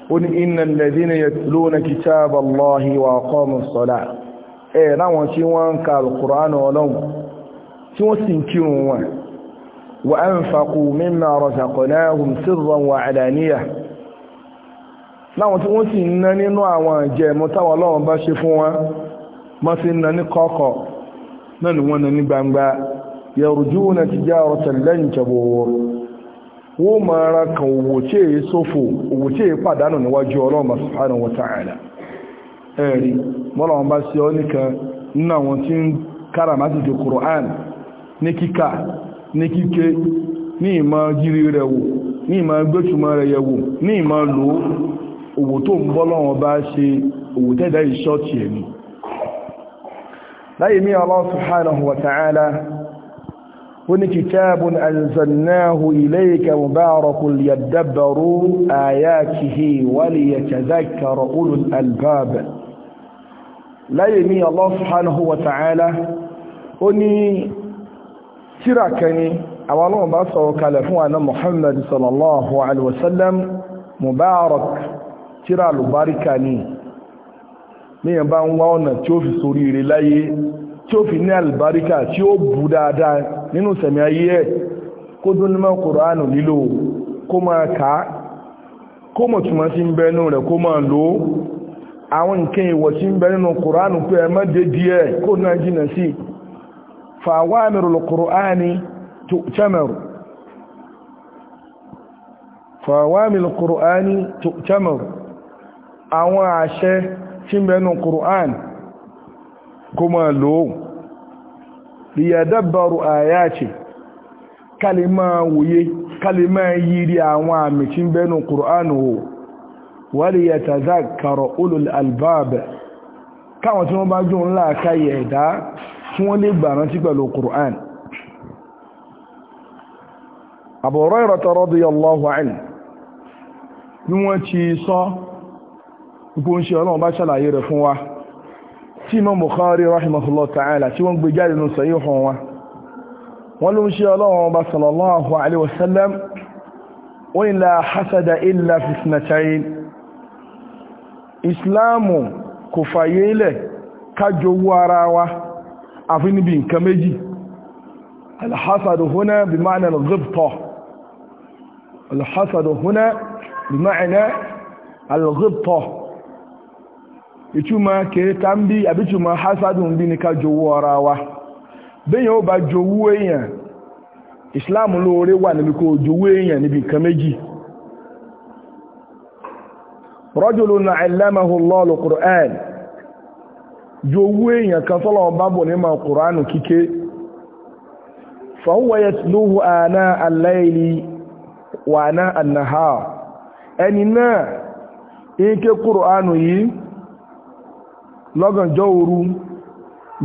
ó ní innal ladhina yatluna kitaba Allahi wa aqamu s-salah ẹ̀ láwọn tí wọ́n ń ka alkùránù ọlọ́run tí wọ́n sì ń kírun wọn wa anfaqu mimma razaqnahum sirran wa náà ni wọ́n ná ní gbangba yàrùjúwọ́n na já ọ̀tẹ̀ lẹ́yìn tẹ̀bọ̀wọ̀ kan owó tí èyí sófò owó tí èyí pàdánù níwájú subhanahu wa ta'ala ẹ̀rí mọ́lọ̀wọ́n bá ba si nìkan nínú àwọn tí ń kára láti Qur'an ni kíkà ní kíké ni ma jírí rẹ̀ wò ní ìmọ̀ gbẹ́tùmọ̀ rẹ̀ bá ṣe wa هنا كتاب أنزلناه إليك مبارك ليدبروا آياته وليتذكر أولو الألباب لا يمي الله سبحانه وتعالى أني تركني أولا ما سوك لفوانا محمد صلى الله عليه وسلم مبارك ترى لباركاني ní ẹ̀bá ń wá ọ̀nà tí ó fi sórí ire láyé tí ó fi ní àlùbáríkà tí ó bù dáadáa nínú sẹ̀mí ayé ẹ̀ kó dún ní mọ́ kòránù lílò kó máa ká kó mọ̀ túnmọ̀ sí ń bẹ nínú rẹ̀ kó máa lò àwọn nǹkan ìwọ̀ sí ń bẹ nínú kòránù pé ẹ mọ́dé díẹ̀ kó náà jìnà sí fàwámìrùl kòránì tẹ́mẹ̀rù fàwámìrùl àwọn àṣẹ tí ń bẹ kòránì kó máa lò liyadabbaru ayati kalima wuye kalima yiri àwọn àmì tin benu qur'an wo wali yatazakkaru ulul albab káwọn tí wọ́n bá jun la kaye ẹ̀dá tí wọ́n lè gbà rántí pẹ̀lú qur'an abu hurairah radiyallahu anhu ni wọ́n ti sọ ipo nse Ọlọ́run bá ṣàlàyé rẹ̀ fún wa tí Imam Bukhari rahimahullah ta'ala tí wọ́n gbé jáde nù sọ́yí hàn wá wọ́n ló ń ṣe ọlọ́run ọba sallallahu alaihi wasallam ó ní la hasada illa fi sinatayin islamu kò fàyè ilẹ̀ kájowó ara wa àfi níbi méjì alhassadu huna bi ma'ana al ìtumọ̀ kẹta ń bí àbítumọ̀ hasadun bí ní ká jowú ara wa bẹ́yàn ó bá jowú èèyàn islam lóore wà níbi kó jowú èèyàn níbi nǹkan méjì rọ́jùlù na allamahu lọ́ọ̀lù qur'an jowú èèyàn kan tọ́lọ̀ bá bò ní ma kíké ẹni náà ike qur'an yìí lọ́gànjọ́ oru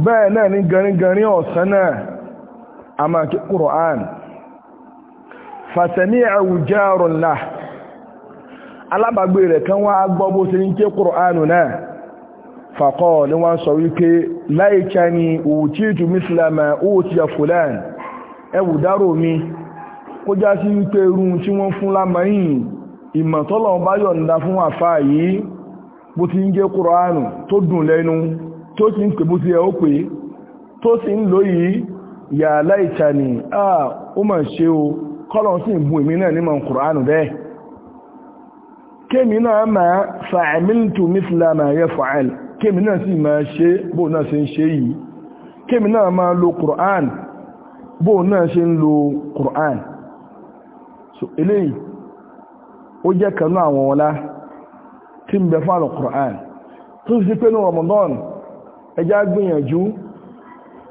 bẹ́ẹ̀ náà ní gẹringẹrin ọ̀sán náà a máa kí Qur'an fàtẹ̀ní àwùjárùn lá alábàgbé rẹ̀ kan wá gbọ́ bó ṣe ń kí Qur'an náà fàkọ́ ní wọ́n sọ wípé láìka ni ẹwù dárò mi kó já sí wípé bó ti ń gé kùránù tó dùn lẹ́nu tó ti ń pè bó ti ẹ̀ ó tó sì ń lò yà láìta ni a ó ma ṣe o kọ́lọ̀ sí ìbú ma kùránù bẹ́ẹ̀ kémi náà ma ya mithla ma na kémi náà ma ṣe bó náà ṣe ń ṣe yìí kémi ma lo kùránù bó náà ṣe ń lo so eléyìí ó jẹ́ kanú àwọn ọlá tí ń bẹ fún alukur'an tó sì pé ní Ramadan ẹjá gbìyànjú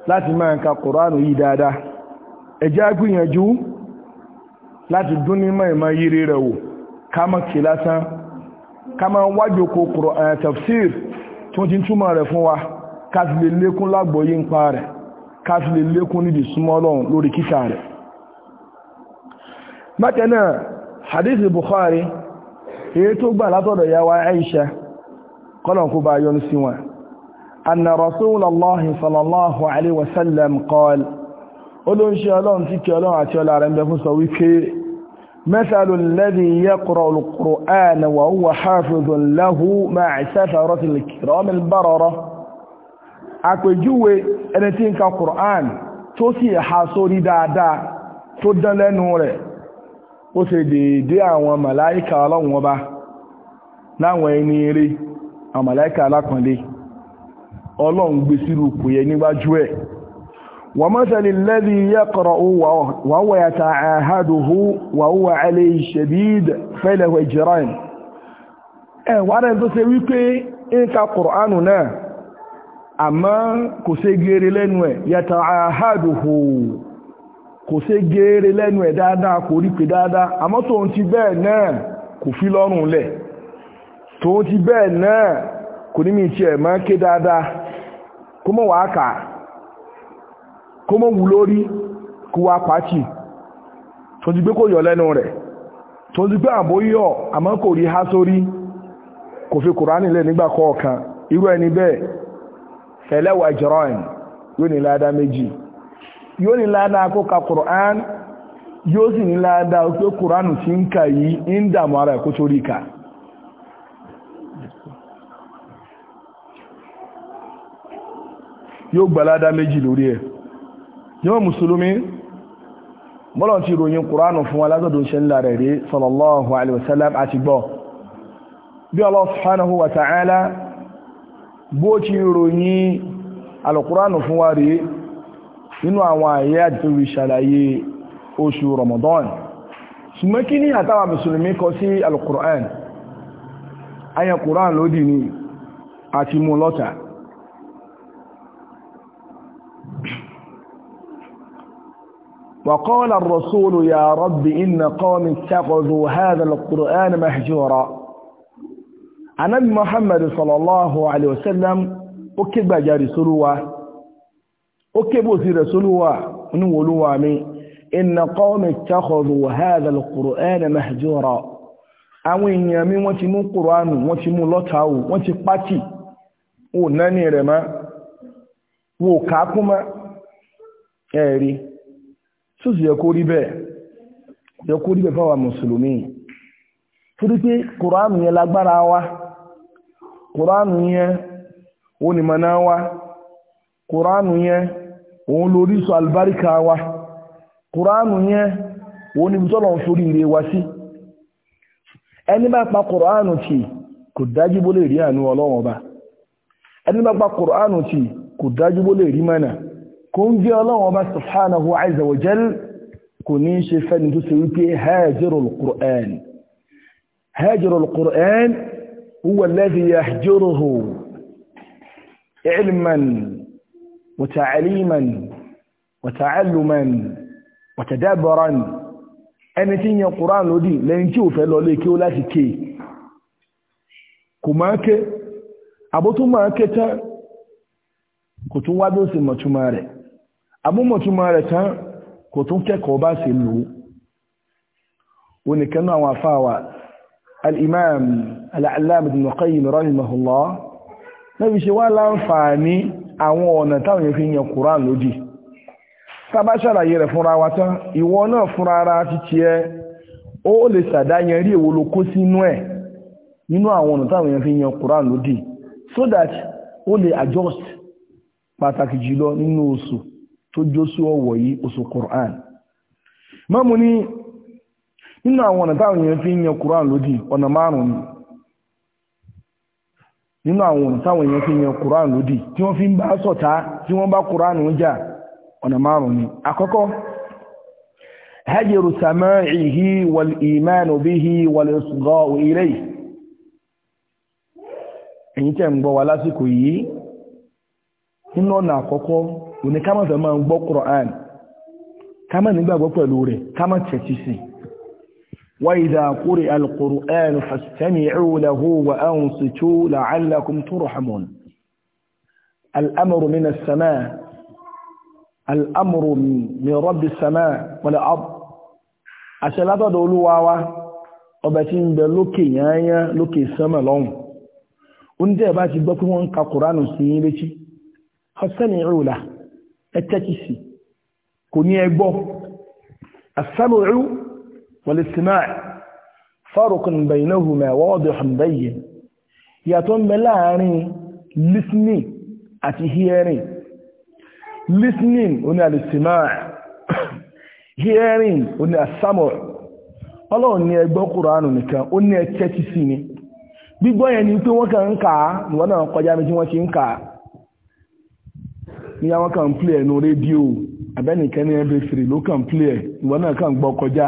láti máa ka kur'an yìí dáadáa ẹjá gbìyànjú láti dún ní mọ̀ yìí rẹ̀ wò ká má kí lásán ká má wájú ko eh, tafsir tó ti túmọ̀ rẹ̀ fún wa ká lè lékún lágbòóyé ń pa rẹ̀ ká lè lékún nídìí súnmọ́ Ọlọ́run lórí kíkà rẹ̀ bákan náà hadith Bukhari èyí tó gbà látọ̀dọ̀ ya wa Aisha kọ́lọ̀kú bá yọ́n sí wọn anna rasulallahi sallallahu alaihi wasallam qala olóńṣẹ́ ọlọ́run tí kí ọlọ́run àti ọlá rẹ̀ ń bẹ fún sọ wípé مثل الذي يقرأ القرآن وهو حافظ له مع سفرة الكرام البررة àpèjúwe ẹni tí ń ka Qur'an tó sì há sórí ó ṣe dèédé àwọn màláíkà ọlọ́run ọba láwọn ẹni eré àwọn màláíkà ya ọlọ́run gbé sírù kò yẹ níwájú ẹ̀ wọ́n mọ́sẹ̀lẹ̀ lẹ́bí yẹ́kọ̀rọ̀ wàwọ̀ yàtà ka kò lẹ́nu ẹ̀ àhádùhù kò ṣe geere lẹ́nu ẹ̀ dáadáa kò rí pé dáadáa àmọ́ tòun ti bẹ́ẹ̀ náà kò fi lọ́rùn lẹ̀ tòun ti bẹ́ẹ̀ náà kò ní mi máa ké dáadáa kó mọ̀ wàá kà kó mọ̀ wù lórí kó wá pàtì tòun ti gbé kò yọ lẹ́nu rẹ̀ tòun ti gbé àbóyọ̀ àmọ́ kò rí há sórí kò fi kùránì lẹ̀ nígbà kọ̀ọ̀kan irú ẹni bẹ́ẹ̀ ẹlẹ́wàá ẹ̀ yóò ní yóò ní ládá kó ka Qur'an yóò sì ní ládá pé Qur'an ti ń ka yìí ń dàmú ara ẹ̀kó tó ka yóò gbà méjì lórí ẹ̀ jàmá mùsùlùmí bọ́lọ̀ ti ròyìn Qur'an fún ṣe rí sallallahu alaihi wasallam gbọ́ bí Allah wa ta'ala bó ti al fún wa nínú àwọn àyè àtìrí ṣàlàyé oṣù Ramadan ṣùgbọ́n kí ní àtàwà mùsùlùmí kọ sí al-Qur'an ayẹ Qur'an lódì ni àti mú lọ́ta wa qala ar-rasulu ya rabbi inna qawmi ittakhadhu hadha al-Qur'an mahjura sallallahu alaihi wasallam ó kígbàjarì sórí wa ó kébò sí rẹ̀ sólúwà níwòlúwà mi inna qawmi ittakhadhu hadha al-qur'ana mahjura àwọn èèyàn mi wọ́n ti mú kùránù wọ́n ti mú lọ́tàwò wọ́n ti pátì ò náni rẹ̀ má wò kákún má ẹ̀rí tó sì kùránù yẹn lágbára wa kùránù yẹn onímọ̀nà kùránù yẹn òun lórí sọ àlùbáríkà wa kùránù yẹn òun níbi tọ́lọ̀ ń sórí ire wa sí ẹni bá pa kùránù tì kò dájú bó lè rí àánú ọlọ́run ọba ẹni bá pa kùránù tì kò dájú bó lè rí mọ́nà kò ń gé ọlọ́run ọba subhanahu azza kò ní ṣe fẹ́ni tó ilman وتعليما وتعلما وتدبرا ẹni tí yan Qur'an lódì lẹ́yìn tí ò fẹ́ lọ lé kí ó láti ké kò máa ké àbótú máa ké tán kò tún wá bí ó sì mọ̀túnmá rẹ̀ àbúmọ̀túnmá rẹ̀ tán kò tún kẹ́kọ̀ọ́ bá sì lò ó nìkan náà àwọn afáwà al-imam al-allamah ibn Qayyim rahimahullah náà fi ṣe wá láǹfààní àwọn ọ̀nà táwọn yẹn fi yan Quran lódì tábà ṣàlàyé rẹ̀ fúnra wa tán ìwọ náà fúnra ara títí ẹ ó lè ṣàdáyẹn rí èwo ló kó sínú nínú ọ̀nà táwọn yẹn fi yan Quran lódì so that ó lè adjust pàtàkì jùlọ nínú oṣù tó jósú yìí Quran mọ́mú ní nínú àwọn ọ̀nà táwọn fi yan Quran ọ̀nà márùn nínú àwọn ọ̀nà táwọn èèyàn fi yan Quran lódì tí wọ́n fi ń bá ṣọ̀tá tí wọ́n bá Quran ń jà ọ̀nà márùn-ún ni àkọ́kọ́ hajiru samaihi wal imanu bihi wal isgha'u ilayhi ẹ̀yin tẹ́ ń gbọ́ wa lásìkò yìí nínú ọ̀nà àkọ́kọ́ òní ká fẹ́ máa gbọ́ ká وإذا قرئ القرآن فاستمعوا له وأنصتوا لعلكم ترحمون الأمر من السماء الأمر من رب السماء ولا والأرض أسألة دولوا وبتين بلوكي يا لوكي السماء لهم وانت باتي بكون كقرآن سيبتي فاستمعوا له التكسي كوني أبو السمعوا والاستماع فرق بينهما واضح بين ياتون ملاني listening àti hearing listening ó ní hearing ó ní ọlọ́run ní ẹgbọ́ kùránù nìkan ó ní ẹkẹ́tì sí ni gbígbọ́ yẹn ni pé wọ́n kàn ń kà á níwọ́n náà kọjá mi wọ́n ti ń ní àwọn ń ní ló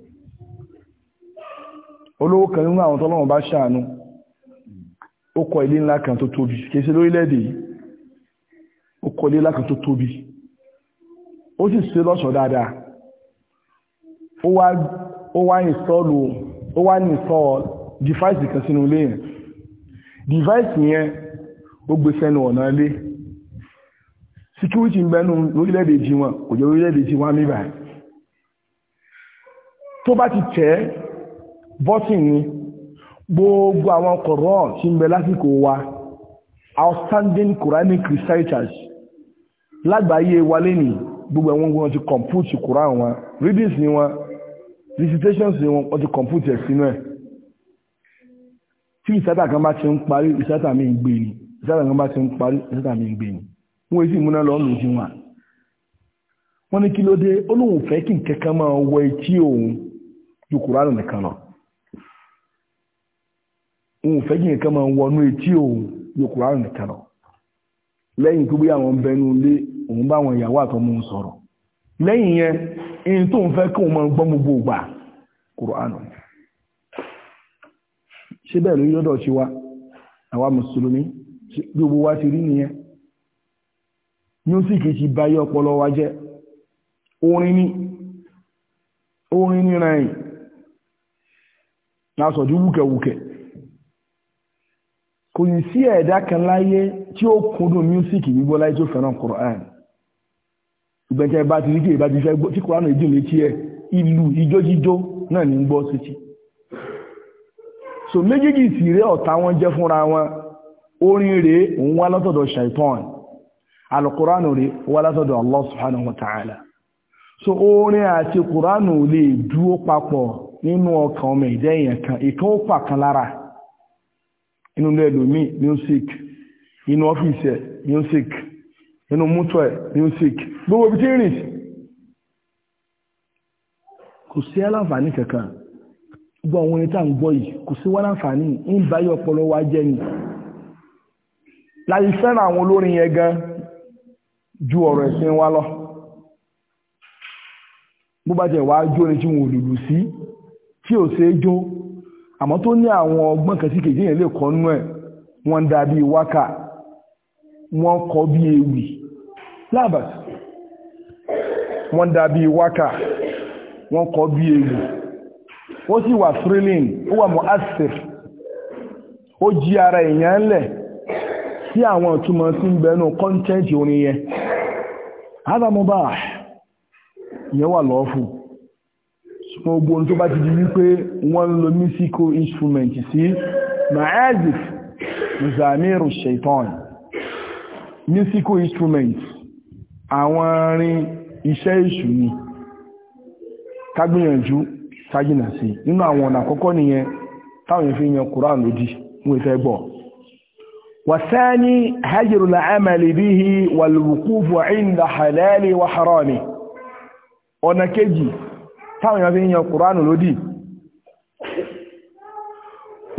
olówó kan nínú àwọn tọ́lọ́wọ́n bá ṣàánú ó kọ́ ilé ńlá kan tó tóbi kìí ṣe lórílẹ̀-èdè yìí ó kọ́ ilé ńlá kan tó tóbi ó sì ṣe lọ́ṣọ̀ọ́ dáadáa ó wá ó wá ìsọ́ọ̀lù ó wá ní ìsọ́ọ̀ dìfáìsì kan sínú ilé yẹn dìfáìsì yẹn ó gbé sẹ́nu ọ̀nà ilé security ń bẹnu lórílẹ̀-èdè jí wọn kò jẹ́ lórílẹ̀-èdè jí wọn níbàá tó bá ti tẹ̀ bọ́tìn ni gbogbo àwọn Quran tí ń bẹ lásìkò wa outstanding Quranic reciters lágbàáyé wa lẹ́nìí gbogbo àwọn wọn ti compute Quran wọn readings ni wọn recitations ni wọn ti compute ẹ̀ sínú ẹ̀ tí ìsátà kan bá ti ń parí ìsátà mi ń gbé ni ìsátà kan bá ti ń parí ìsátà mi ń gbé ni wọ́n èsì múná lọ lòdì wọn wọ́n ní kí ló dé olóhùn fẹ́ kí nǹkan kan máa wọ etí òun ju Quran nìkan lọ òun fẹ́ kí nǹkan máa wọnú etí òun yóò kúrò nìkan lọ lẹ́yìn tó bóyá àwọn bẹnu lé òun bá àwọn ìyàwó àtọmọ sọ̀rọ̀ lẹ́yìn yẹn èyí tó ń fẹ́ kí òun máa gbọ́ gbogbo ìgbà kúrò àná ṣé bẹ́ẹ̀ ló yọ́dọ̀ ṣe wa àwa mùsùlùmí bí owó wa ti rí nìyẹn mísíkì ti báyé ọpọlọ wa jẹ́ orin ní orin ní rẹ̀ yìí lásọ̀dí wúkẹ̀wúkẹ̀ kò ní sí ẹ̀dá kan láyé tí ó kúndùn mísíkì gbígbọ́ láyé tó fẹ́ràn Qur'an ìgbẹ̀kẹ́ bá ti rí kí ìbá ti fẹ́ tí Qur'an ìdí lè tí ẹ ìlú ijó jíjó náà ní gbọ́ títí so méjèèjì sì rẹ ọ̀tá wọn jẹ́ fúnra wọn orin rẹ̀ òun wá látọ̀dọ̀ shaitan al-Qur'an wá látọ̀dọ̀ Allah subhanahu wa ta'ala so orin àti Qur'an lè dúó papọ̀ nínú ọkàn ọmọ ìdẹ́yìn kan ìkan ó pàkan lára inú ilé ẹlòmíì music inú ọ́fíìsì ẹ̀ music inú mútọ̀ ẹ̀ music gbogbo ibi tí ń rìn sí kò sí aláǹfààní kankan gbogbo àwọn orin tá à ń gbọ́ yìí kò sí wọn láǹfààní ń báyé ọpọlọ wa jẹ́ ni láyé fẹ́ràn àwọn olórin yẹn gan ju ọ̀rọ̀ ẹ̀sìn wa lọ bó bá jẹ́ wàá jó ni tí wọn ò lùlù sí tí ò ṣeé jó àmọ́ tó ní àwọn ọgbọ́n kan tí kèjì yẹn lè kọ́ nú ẹ̀ wọ́n ń da bí wákà wọ́n kọ́ bí ewì lábàs wọ́n ń da wákà wọ́n kọ́ bí ewì ó sì ara èèyàn lẹ̀ sí àwọn ìtumọ̀ ń bẹnu kọ́ńtẹ́ǹtì orin yẹn ìyẹn wà wọn tó bá ti di wípé wọ́n lo musical instrument sí ma'azif muzamiru shaitan musical instrument àwọn arin iṣẹ́ èṣù ni kágbìyànjú ságìnà sí nínú àwọn ọ̀nà àkọ́kọ́ nìyẹn táwọn èèyàn fi yan Quran lòdì wọ́n ìfẹ́ gbọ́ wàsáni hajjiru bihi halali wa ọ̀nà kejì táwọn èèyàn fi ń yan kùránù lódì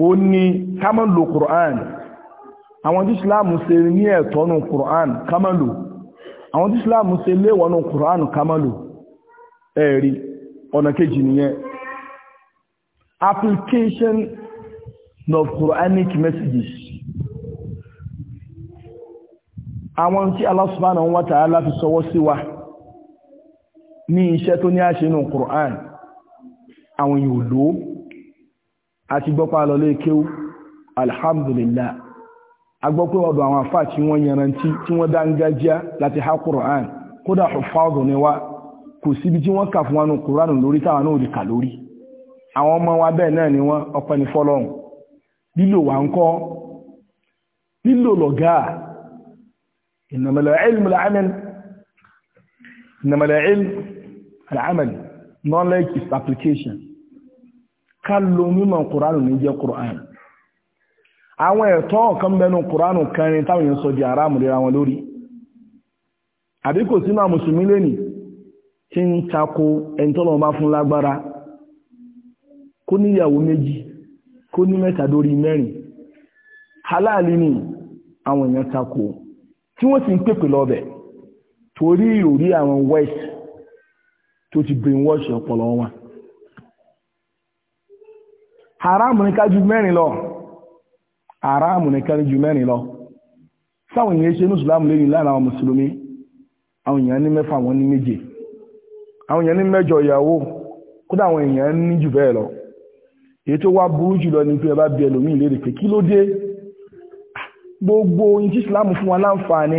ó ní kámọ́ lo kùránù àwọn tí ìsìláàmù ṣe ní ẹ̀tọ́ nù kùránù kámọ́ lò àwọn tí ìsìláàmù ṣe léwọ̀ nù kùránù kámọ́ lò ẹ̀rí ọ̀nà kejì nìyẹn application of Quranic messages àwọn tí Allah subhanahu wa ta'ala fi sọwọ́ sí wa ní iṣẹ́ tó ní àṣẹ inú Qur'an àwọn yóò lò àti gbọ́pá lọlé kéwú alhamdulillah agbọ́pẹ́ ọ̀dọ̀ àwọn àfà tí wọ́n yanrantí tí wọ́n dángájá láti ha Qur'an kódà hufadu ni wá kò síbi tí wọ́n kà fún wa Qur'an lórí táwọn di kà lórí àwọn ọmọ wa bẹ́ẹ̀ náà ni wọ́n ọpẹ́ ni fọ́lọ́run lílò إنما العلم العمل knowledge is application kalu mimo qur'anu ni je qur'an awon eto kan benu qur'anu kan ni tawo yin so di aramu le awon lori abi ko sinu amusumi leni tin tako en to fun lagbara kuni yawo meji kuni meta dori merin halal ni awon yan tako ti torí ìròrí àwọn west tó ti brainwash ọpọlọ wọn haram ní ká ju mẹ́rin lọ haram ní ká ju mẹ́rin lọ sáwọn èèyàn ṣe mùsùlùmí lẹ́yìn láàrin àwọn mùsùlùmí àwọn èèyàn ní mẹ́fà wọn ní méje àwọn èèyàn ní mẹ́jọ ìyàwó kódà àwọn èèyàn ní jù bẹ́ẹ̀ lọ èyí tó wá burú jùlọ pé ẹ ah, gbogbo ohun tí islam fún wa láǹfààní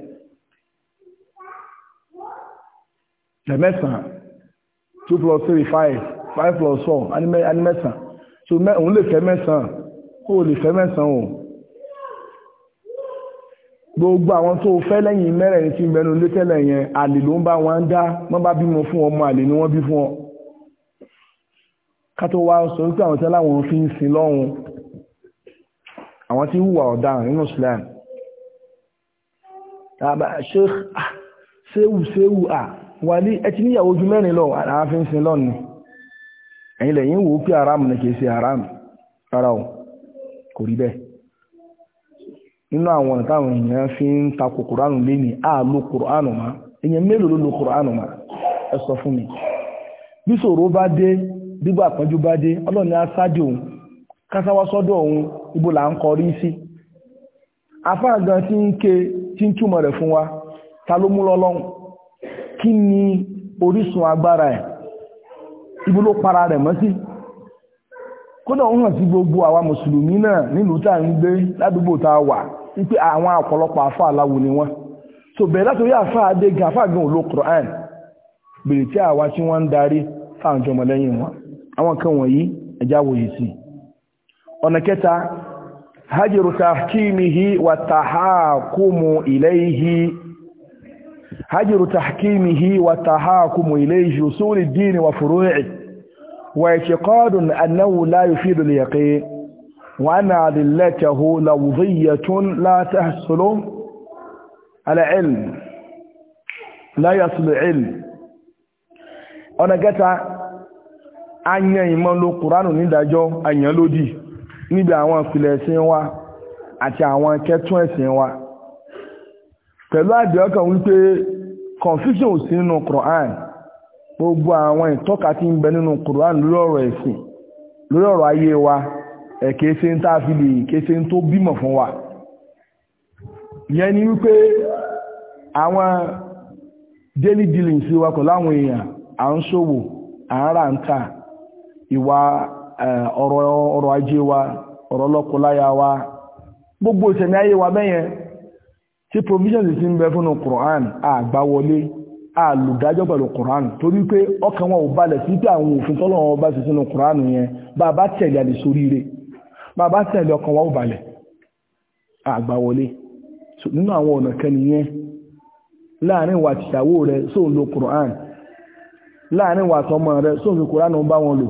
mẹ́sàn-án two plus three five five plus four ani mẹ́sàn-án so òun lè fẹ́ mẹ́sàn-án kó o lè fẹ́ mẹ́sàn-án o gbogbo àwọn tó fẹ́ lẹ́yìn mẹ́rẹ̀ẹ̀rin tí mẹ́nu lé tẹ́lẹ̀ yẹn àlè ló ń bá wọn ń dá wọ́n bá bímọ fún ọmọ àlè ni wọ́n bí fún ọ ká tó wá sọ wípé àwọn tẹ́lá wọn fi ń sin lọ́hun àwọn tí hùwà ọ̀daràn nínú Islam ṣéwù ṣéwù à wà ní ẹtí níyàwó ojú mẹ́rin lọ àáfin sin lọ ẹ̀yìn lẹ́yìn wò ó pi haram ní kìí ṣe haram rárá o kò rí bẹ́ẹ̀ nínú àwọn ọ̀nà èèyàn fi ń takò kùránù léni àlò kùránù má èèyàn mélòó ló lo kùránù ma ẹ sọ mi bí ṣòro bá dé bígbà pọ́njú bá dé ọlọ́ni aṣáájú òun kásáwá sọ́dọ̀ òun ibo là ń kọrí sí tí ń ké tí ń túmọ̀ kí ni orísun agbára ẹ̀ ibo ló para rẹ̀ mọ́ sí kódà ó hàn sí gbogbo àwa mùsùlùmí náà nílùú tá ń gbé ládùúgbò tá a wà wípé àwọn àpọ̀lọpọ̀ afọ́ aláwo ni wọ́n so bẹ̀rẹ̀ látòrí gan bèrè tí àwa tí wọ́n ń darí fáwọn lẹ́yìn wọn àwọn kan wọ̀nyí ẹja wòye sí ọ̀nà kẹta hajiru هجر تحكيمه والتحاكم إليه أصول الدين وفروعه واعتقاد أنه لا يفيد اليقين وأن أدلته لوضية لا تحصل على علم لا يصل علم ọ̀nà kẹta ayan ìmọ̀ lo kùránù nídàjọ́ ayan lódì níbi àwọn ìpìlẹ̀ ẹ̀sìn wa àti àwọn kẹtún ẹ̀sìn wa pẹ̀lú àdìọ́kàn wípé confusion ò sí nínú Quran gbogbo àwọn ìtọ́ka tí ń bẹ nínú Quran lórí ọ̀rọ̀ ẹ̀sìn lórí ọ̀rọ̀ ayé wa ẹ̀kẹ́sẹ́ ń tá a fún wa yẹn ni wípé àwọn daily dealings wa kọ̀ àwọn èèyàn à ń ṣòwò à ń ra nǹka ìwà ọ̀rọ̀ wa gbogbo ìṣẹ̀mí ayé wa tí provision ti ń bẹ fúnnu Quran àgbáwọlé àlùdájọ́ pẹ̀lú Quran torí pé ọkàn wọn ò balẹ̀ sí pé àwọn òfin tọ́lọ́wọ́n bá ti sínú Quran yẹn bá a bá tẹ̀lé àdè sóríire bá a bá tẹ̀lé ọkàn wọn ò balẹ̀ àgbáwọlé nínú àwọn ọ̀nà kan nìyẹn láàrin ìwà àtìyàwó rẹ sóun lo Quran láàrin ìwà àtọmọ rẹ sóun lo Quran ń bá wọn lò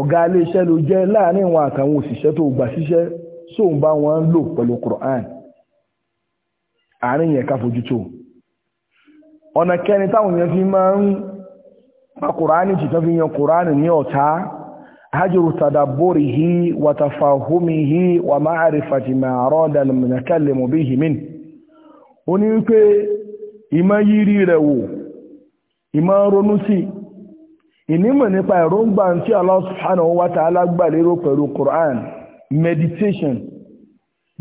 ọ̀gá iléeṣẹ́ ló jẹ́ láàrin ìwà àtàwọn òṣìṣẹ́ tó gbà síṣẹ́ sóun bá wọn lò pẹ̀lú Quran àárín yẹn ká fojú tó ọ̀nà kẹrin táwọn èèyàn fi máa ń pa kùránì tí tán fi yan kùránì ní ọ̀tá hajjuru tadabori hi watafahumi hi wa ma'arifati ma'arọ́ dalmanakalẹ̀ mọ̀ bí himin ó ní wípé ìmọ̀ yírí rẹ̀ wò ìmọ̀ ronú sí ìnímọ̀ nípa ìrọ́ngbà tí Allah subhanahu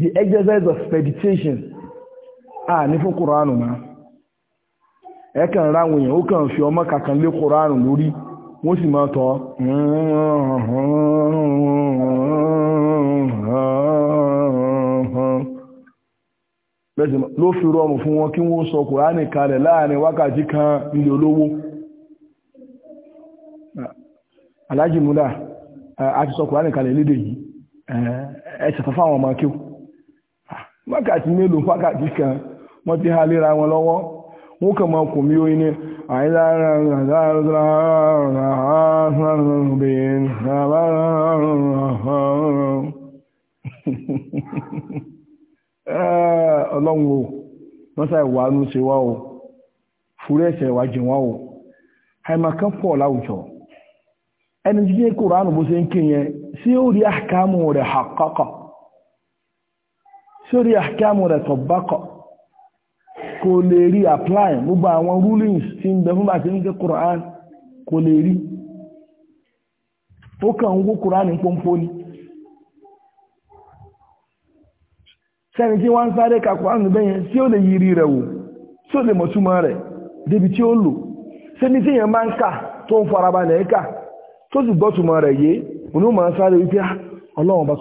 the exercise of meditation a ní fún kùránù náà ẹ kàn ra àwọn èèyàn ó kàn fi ọmọ kàkàn lé kùránù lórí wọ́n sì máa tọ́ ló fi rọrùn fún wọn kí wọ́n sọ kùránì kalẹ̀ láàrin wákàtí kan ilé olówó alájì múlá àti sọ kùránì kalẹ̀ lédè yìí ẹ̀ṣẹ̀fà fáwọn ọmọ kí wákàtí mélòó wákàtí kan wọ́n ti há léra wọn lọ́wọ́ wọ́n kàn máa kò mí oyin ní ọlọ́run o wọ́n sáà wà ní ṣe wá o fúrẹ́ ẹ̀ṣẹ̀ wà jìn wá o àìmọ̀kan pọ̀ láwùjọ ẹni jíjẹ́ kòránù bó ṣe ń kí yẹn sí ó rí àkámù rẹ̀ àkọ́kọ̀ sí ó rí àkámù rẹ̀ kò lè rí apply gbogbo àwọn rulings tí ń bẹ fún bá ti ń kò lè rí ó kàn ń wó Quran ní pọ́npọ́ ni sẹ́ni tí wọ́n ń sáré ka Quran ní bẹ́yẹn tí ó lè yiri rẹ̀ wò tí ó lè mọ̀túmọ̀ rẹ̀ débi tí ó lò sẹ́ni tí yẹn máa ń kà tó ń farabalẹ̀ tó sì rẹ̀ yé òun ó máa sáré wípé ah, Ọlọ́run bá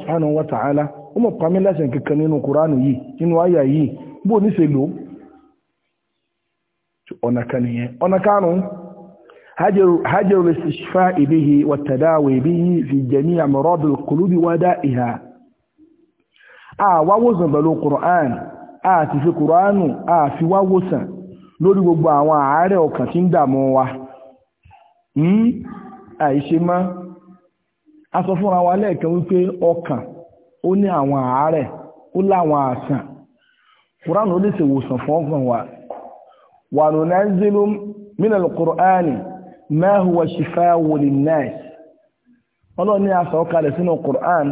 ó mọ̀ kankan nínú yìí nínú ọ̀nà kan nìyẹn fa ibi ún hajjẹ́rù wa ibi ṣífà ìbíhi wàtàdáwà ìbíhi kulubi wa da iha a wawosan àwáwòsàn pẹ̀lú a ti fi a fi wawosan lórí gbogbo àwọn àárẹ̀ ọkàn tí ń dààmú wa hmm? àìṣe a sọ fúnra wa lẹ́ẹ̀kan wípé ọkàn ó ní àwọn àárẹ̀ ó láwọn àsàn kùránù ó lè ṣèwòsàn fún وننزل من القرآن ما هو شفاء للناس ọlọ́run ní aṣọ kalẹ̀ sínú Qur'an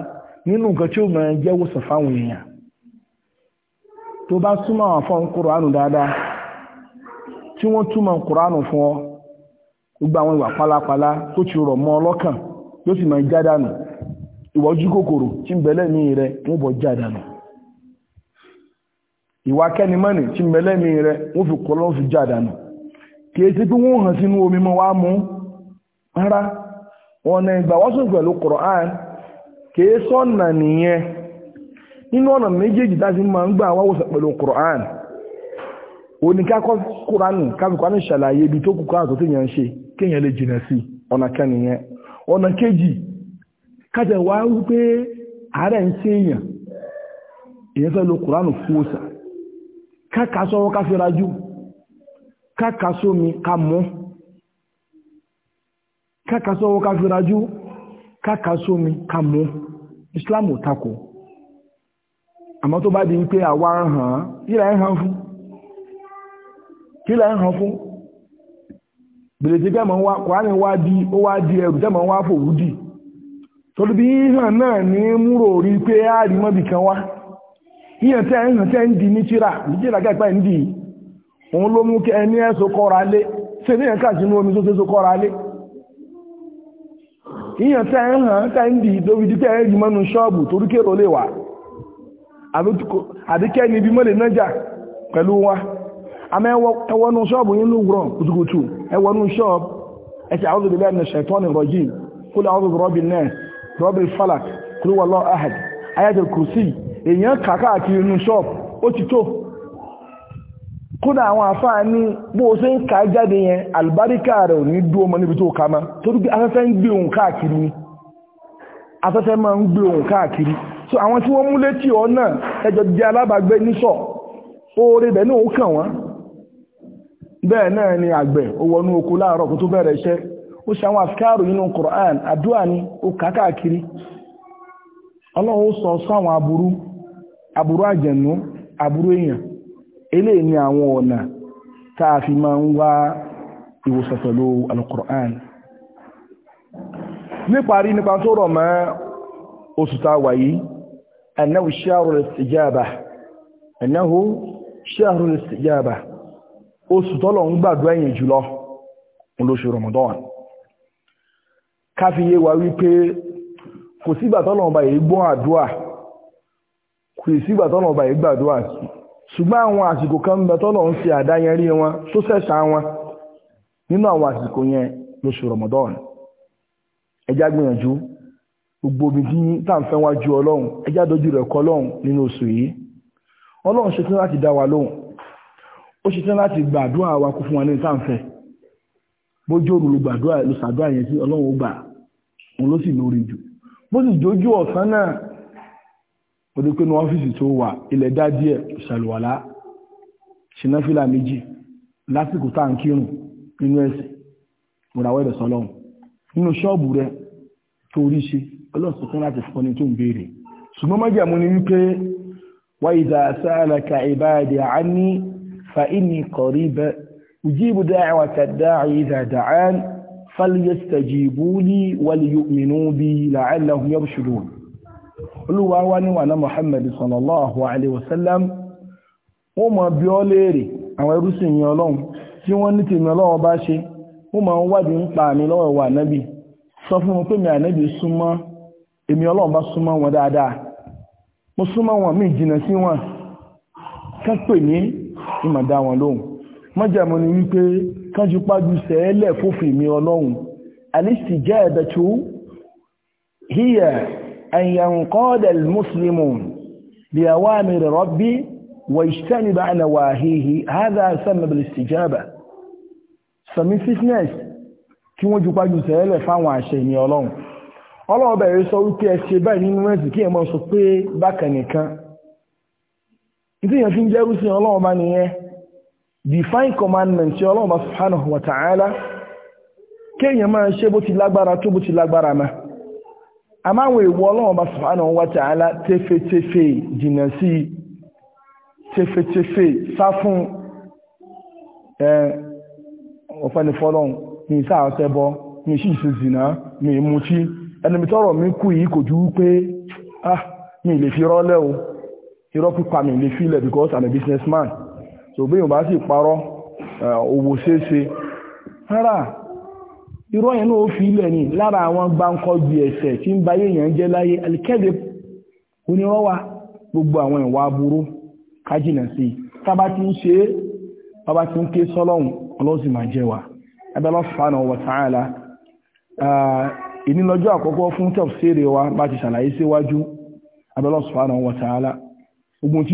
nínú nǹkan tí ó máa jẹ́ wòsàn fáwọn èèyàn tó bá túmọ̀ àwọn fún Qur'an dáadáa tí wọ́n túmọ̀ Qur'an fún ọ gbogbo àwọn ìwà pálapàla tó ti rọ̀ mọ́ ọlọ́kàn ló sì jádànù ìwọ́jú kòkòrò tí ń bẹ̀lẹ̀ ní rẹ̀ wọ́n bọ̀ jádànù ìwà kẹ́nimọ́nì tí mẹ́lẹ́mí rẹ̀ wọ́n fi kọ́ lọ́wọ́ fi já dànù kìí sí pé wọ́n hàn sínú omi mọ́ wá mú rárá ọ̀nà ìgbà wọ́sùn pẹ̀lú Qur'an kìí sọ́nà nìyẹn nínú ọ̀nà méjèèjì tá a ti máa ń gbà wá wòsàn pẹ̀lú Qur'an oníkàkọ́ Qur'an káfíkọ́ ní ṣàlàyé ibi tó kù káàtó tí yẹn ń ṣe kéèyàn lè jìnà sí ọ̀nà kẹ́nìyẹn ọ̀nà kejì kájà wá wípé àárẹ̀ ń ṣe èèyàn èèyàn fẹ́ lo Qur'an fún òsàn káka sọ́wọ́ ká fi rajú káka sómi ká mọ́ káka sọ́wọ́ ká fi rajú káka sómi ká mọ́ Islam ò takò àmọ́ tó bá di pé àwa ń hàn án kí là ń hàn fún kí là ń hàn fún bèrè tí kẹ́mọ̀ wá kùránì wá di ó wá di ẹrù tẹ́mọ̀ wá fòwú dì bí hàn náà ní múrò rí pé á rí mọ́bì kan wá. yíyàn tẹ́ ń hàn tẹ́ ń di ní tíra ní tíra kẹ́pẹ́ ń di òun ló mú ẹni ẹ̀ so kọ́ra lé ṣe ní ẹ̀ka sínú omi tó ṣe so kọ́ra lé yíyàn tẹ́ ń hàn tẹ́ ń di lórí títẹ́ ẹ̀ jù mọ́nu ṣọ́ọ̀bù torí kérò lè wà àbíkẹ́ ni ibi mọ́lẹ̀ náà jà pẹ̀lú wa àmọ́ ẹwọ́nu ṣọ́ọ̀bù yín ló wúrọ̀ kùtùkùtù ẹwọ́nu ṣọ́ọ̀bù ẹ̀ṣẹ̀ àwọn òbí àwọn náà falak ahad èèyàn kàkàkiri inú ṣọ́ọ̀pù ó ti tó kódà àwọn àfáà ní bó ṣe ń kà jáde yẹn albáríkà rẹ̀ ò ní dúró mọ́ níbi tó ka tó torí afẹ́fẹ́ ń gbé òun káàkiri ni afẹ́fẹ́ ń gbé òun káàkiri so àwọn tí wọ́n mú létí ọ náà ẹjọ́ jẹ́ alábàgbé ní oore bẹ̀ náà ó kàn wọ́n bẹ́ẹ̀ náà ni àgbẹ̀ ó wọnú oko láàárọ̀ kó tó bẹ̀rẹ̀ iṣẹ́ ó ṣe àwọn nínú àdúrà ó ọlọ́run ó sọ sáwọn aburú àjẹ̀nú aburú èèyàn eléyìí ni àwọn ọ̀nà tá a fi máa ń wá ìwòsàn pẹ̀lú alukur'an níparí nípa tó rọ̀ mọ́ oṣù tá a wà yìí annahu shahrul istijaba annahu shahrul ń gbàdúrà yẹn jùlọ olóṣù Ramadan káfíyé wa wípé kò sígbà tọ́lọ̀ ọba yìí gbọ́n kò sì sígbà tọ́nà ọba ìgbàdúrà sí ṣùgbọ́n àwọn àsìkò kan bẹ tọ́nà ń àdáyẹ rí wọn tó sẹ́sà wọn nínú àwọn àsìkò yẹn lóṣù Ramadan ẹjá gbìyànjú gbogbo omi tí tá ń fẹ́ wájú ọlọ́run ẹjá dojú rẹ̀ ọlọ́run nínú oṣù yìí ọlọ́run ṣe tán láti dá wa lóhùn ó ṣe tán láti gbàdúrà wa kó fún wa tá ń fẹ́ bójú ó dé pé ní ọ́fíìsì tó wà ilẹ̀ dá díẹ̀ ṣàlùwàlá ṣìnáfílà méjì lásìkò tá à ń kírun nínú ẹ̀sìn ìràwọ̀ ẹ̀bẹ̀ sọlọ́run nínú ṣọ́ọ̀bù rẹ tó rí ṣe ọlọ́sọ̀kan láti fún ni tó ń béèrè ṣùgbọ́n májàmú ni wípé wa idha sa'alaka ibadi anni fa inni qarib ujibu da'wata da'i idha da'an falyastajibuli wal yu'minu bi la'allahum yarshudun olúwa wá ní wàná Muhammad sallallahu alaihi wasallam wọ́n máa bi ọ́ léèrè àwọn ẹrúsìn mi ọlọ́run tí wọ́n ní tèmi pa mi lọ́wọ́ sọ fún mi pé mi súnmọ́ èmi ọlọ́run bá súnmọ́ wọn dáadáa mo súnmọ́ wọn mí jìnnà sí wọn kán ní ìmọ̀ dá wọn lóhùn mọ́jàmọ́ ni wípé kánjú pájú أن ينقاد المسلمون بأوامر ربي ويجتنب عن نواهيه هذا سمى بالاستجابة سمي fitness kí wọ́n jùpá jù sẹ́lẹ̀ fáwọn àṣẹ ìní ọlọ́run ọlọ́run bẹ̀rẹ̀ sọ wípé ẹṣẹ báyìí nínú ẹ̀sìn kí ẹmọ sọ pé bákan nìkan nítorí yẹn fi ń jẹ́rú sí ọlọ́run bá nìyẹn divine commandment tí ọlọ́run bá subhanahu wa ta'ala kéèyàn máa ṣe bó ti lágbára tó bó ti lágbára máa àmọ́ àwọn èèwọ̀ ọlọ́run bá subhanahu wa ta'ala tẹ́fẹ́tẹ́fẹ́ jìnnà sí tẹ́fẹ́tẹ́fẹ́ sá fún ẹ ọ̀fẹ́ni fọlọ́run ní sáà ọ̀sẹ̀ bọ́ ní ìṣìṣẹ́ zìnà ní ìmúchí ẹni mi tọrọ mi kú yìí kò ju pé ah mi lè fi rọ́lẹ́ o irọ́ pípa mi lè filẹ̀ because I'm a businessman so bí yóò bá sì parọ́ owó ṣeéṣe rárá irọ́ yẹn náà ó fi ilẹ̀ ni lára àwọn gbáǹkọ́jú ẹ̀ṣẹ̀ tí ń laye èèyàn jẹ́ láyé gbogbo àwọn ìwà aburú kájìnà sí i tába ti ń ṣe é ti ń ké sọ́lọ́hùn abẹ́lọ́ ìnílọ́jọ́ àkọ́kọ́ fún wa bá ti ṣàlàyé síwájú abẹ́lọ́ ta'ala ogun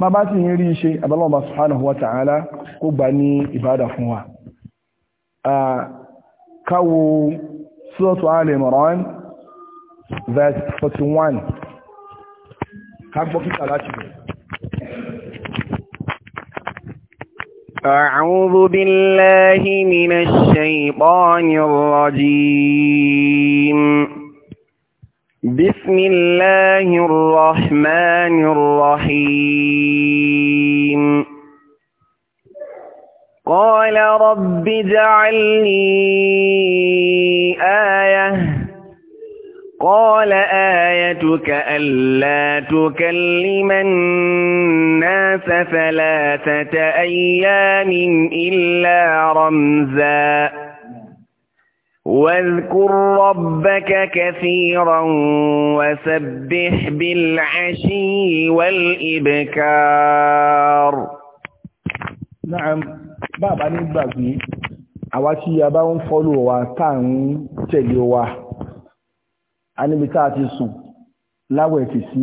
ma bá sì ń rí iṣẹ́ àbálọ́wọ́ subhanahu wa ta'ala kó gbà ní ìbádà fún wa káwo suratu al verse 41 ká gbọ́ kíkà láti bẹ̀rẹ̀ أعوذ بالله من الشيطان الرجيم بسم الله الرحمن الرحيم قال رب اجعل لي آية قال آيتك ألا تكلم الناس ثلاثة أيام إلا رمزاً واذكر ربك كثيرا وسبح بالعشي والإبكار نعم بابا نبغي gbàgbé àwa tí a bá ń fọ́lù wa tá à ń tẹ̀lé wa a níbi tá a ti sùn láwẹ̀ ti sí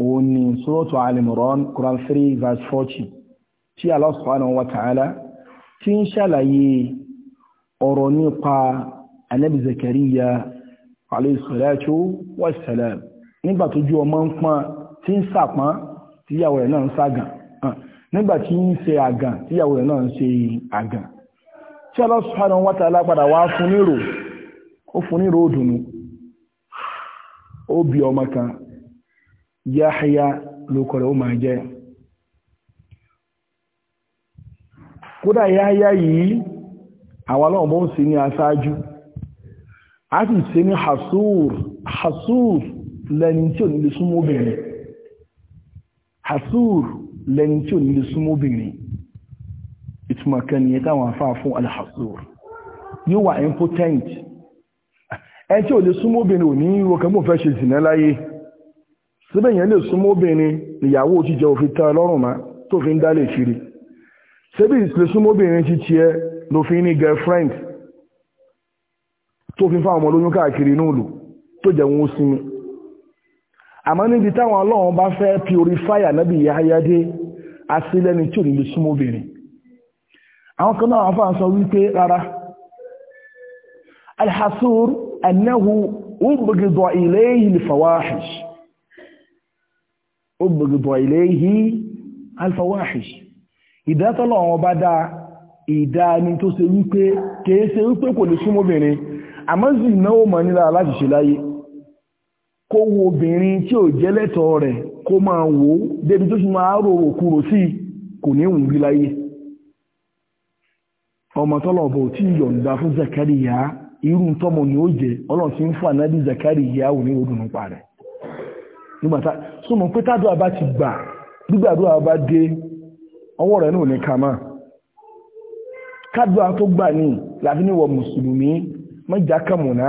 òun ni sọ́rọ̀tù al Quran 3 verse 40 tí Allah subhanahu wa ta'ala ti ń ọ̀rọ̀ nípa anabi zakariya aleyhisalatu wasalam nígbà tó ju ọmọ ń pọn tí ń sàpọn tíyàwó rẹ̀ náà ń ságàn nígbà tí ń ṣe àgàn tíyàwó rẹ̀ náà ń ṣe àgàn tí Allah subhanahu wa ta'ala wá fún nírò ó fún nírò òdùnnú ó bí ọmọ kan Yahya lókọ rẹ̀ ó máa jẹ́ kódà yìí àwọn ọlọ́run bó ń ṣe ní aṣáájú a sì ṣe ní hasur hasur lẹni tí ò ní lè súnmọ́ obìnrin hasur lẹni tí ò ní lè súnmọ́ obìnrin ìtumọ̀ kan nìyẹn táwọn afáà fún alhasur yóò wà impotent ẹni tí ò lè súnmọ́ obìnrin ò ní ìwọ̀kẹ́ mò fẹ́ ṣe zìnà láyé síbẹ̀ lè súnmọ́ ló fi ní girlfriend tó fi fáwọn ọmọ lóyún káàkiri inú ìlú tó jẹ́ wọn ó sinmi àmọ́ níbi táwọn ọlọ́run bá fẹ́ purify ànábì Yahya dé asílẹ́ni tí ò ní lè súnmọ́ obìnrin àwọn kan náà àfáà sọ wípé rárá alhassur annahu ubgidọ̀ iléyìí alfawahish ubgidọ̀ iléyìí alfawahish ìdátọ́lọ̀ bá dáa ìdáni tó ṣe wípé kèé ṣe wípé kò lè súnmọ́ obìnrin àmọ́sí ìnáwó mọ̀ nílára láti ṣe láyé kó wo obìnrin tí ò jẹ́lẹ́tọ̀ rẹ̀ kó máa wò ó débi tó ṣùgbọ́n àáròrò kúrò sí kò ní ìwùn láyé ọmọ tọ́lọ̀bọ̀ tí yọ̀ǹda fún Zakariya irú tọ́mọ ni ó jẹ ọlọ́run ti ń fún ànábì Zakariya ò ní odùn nípa rẹ̀ nígbàtá súnmọ́ pé tádùn àbá ti gbà gbígbàdùn àbá dé ọwọ́ rẹ̀ náà ní kàmáà kádùá tó gbà ní láti níwọ̀ mùsùlùmí mọ́jà kàmùná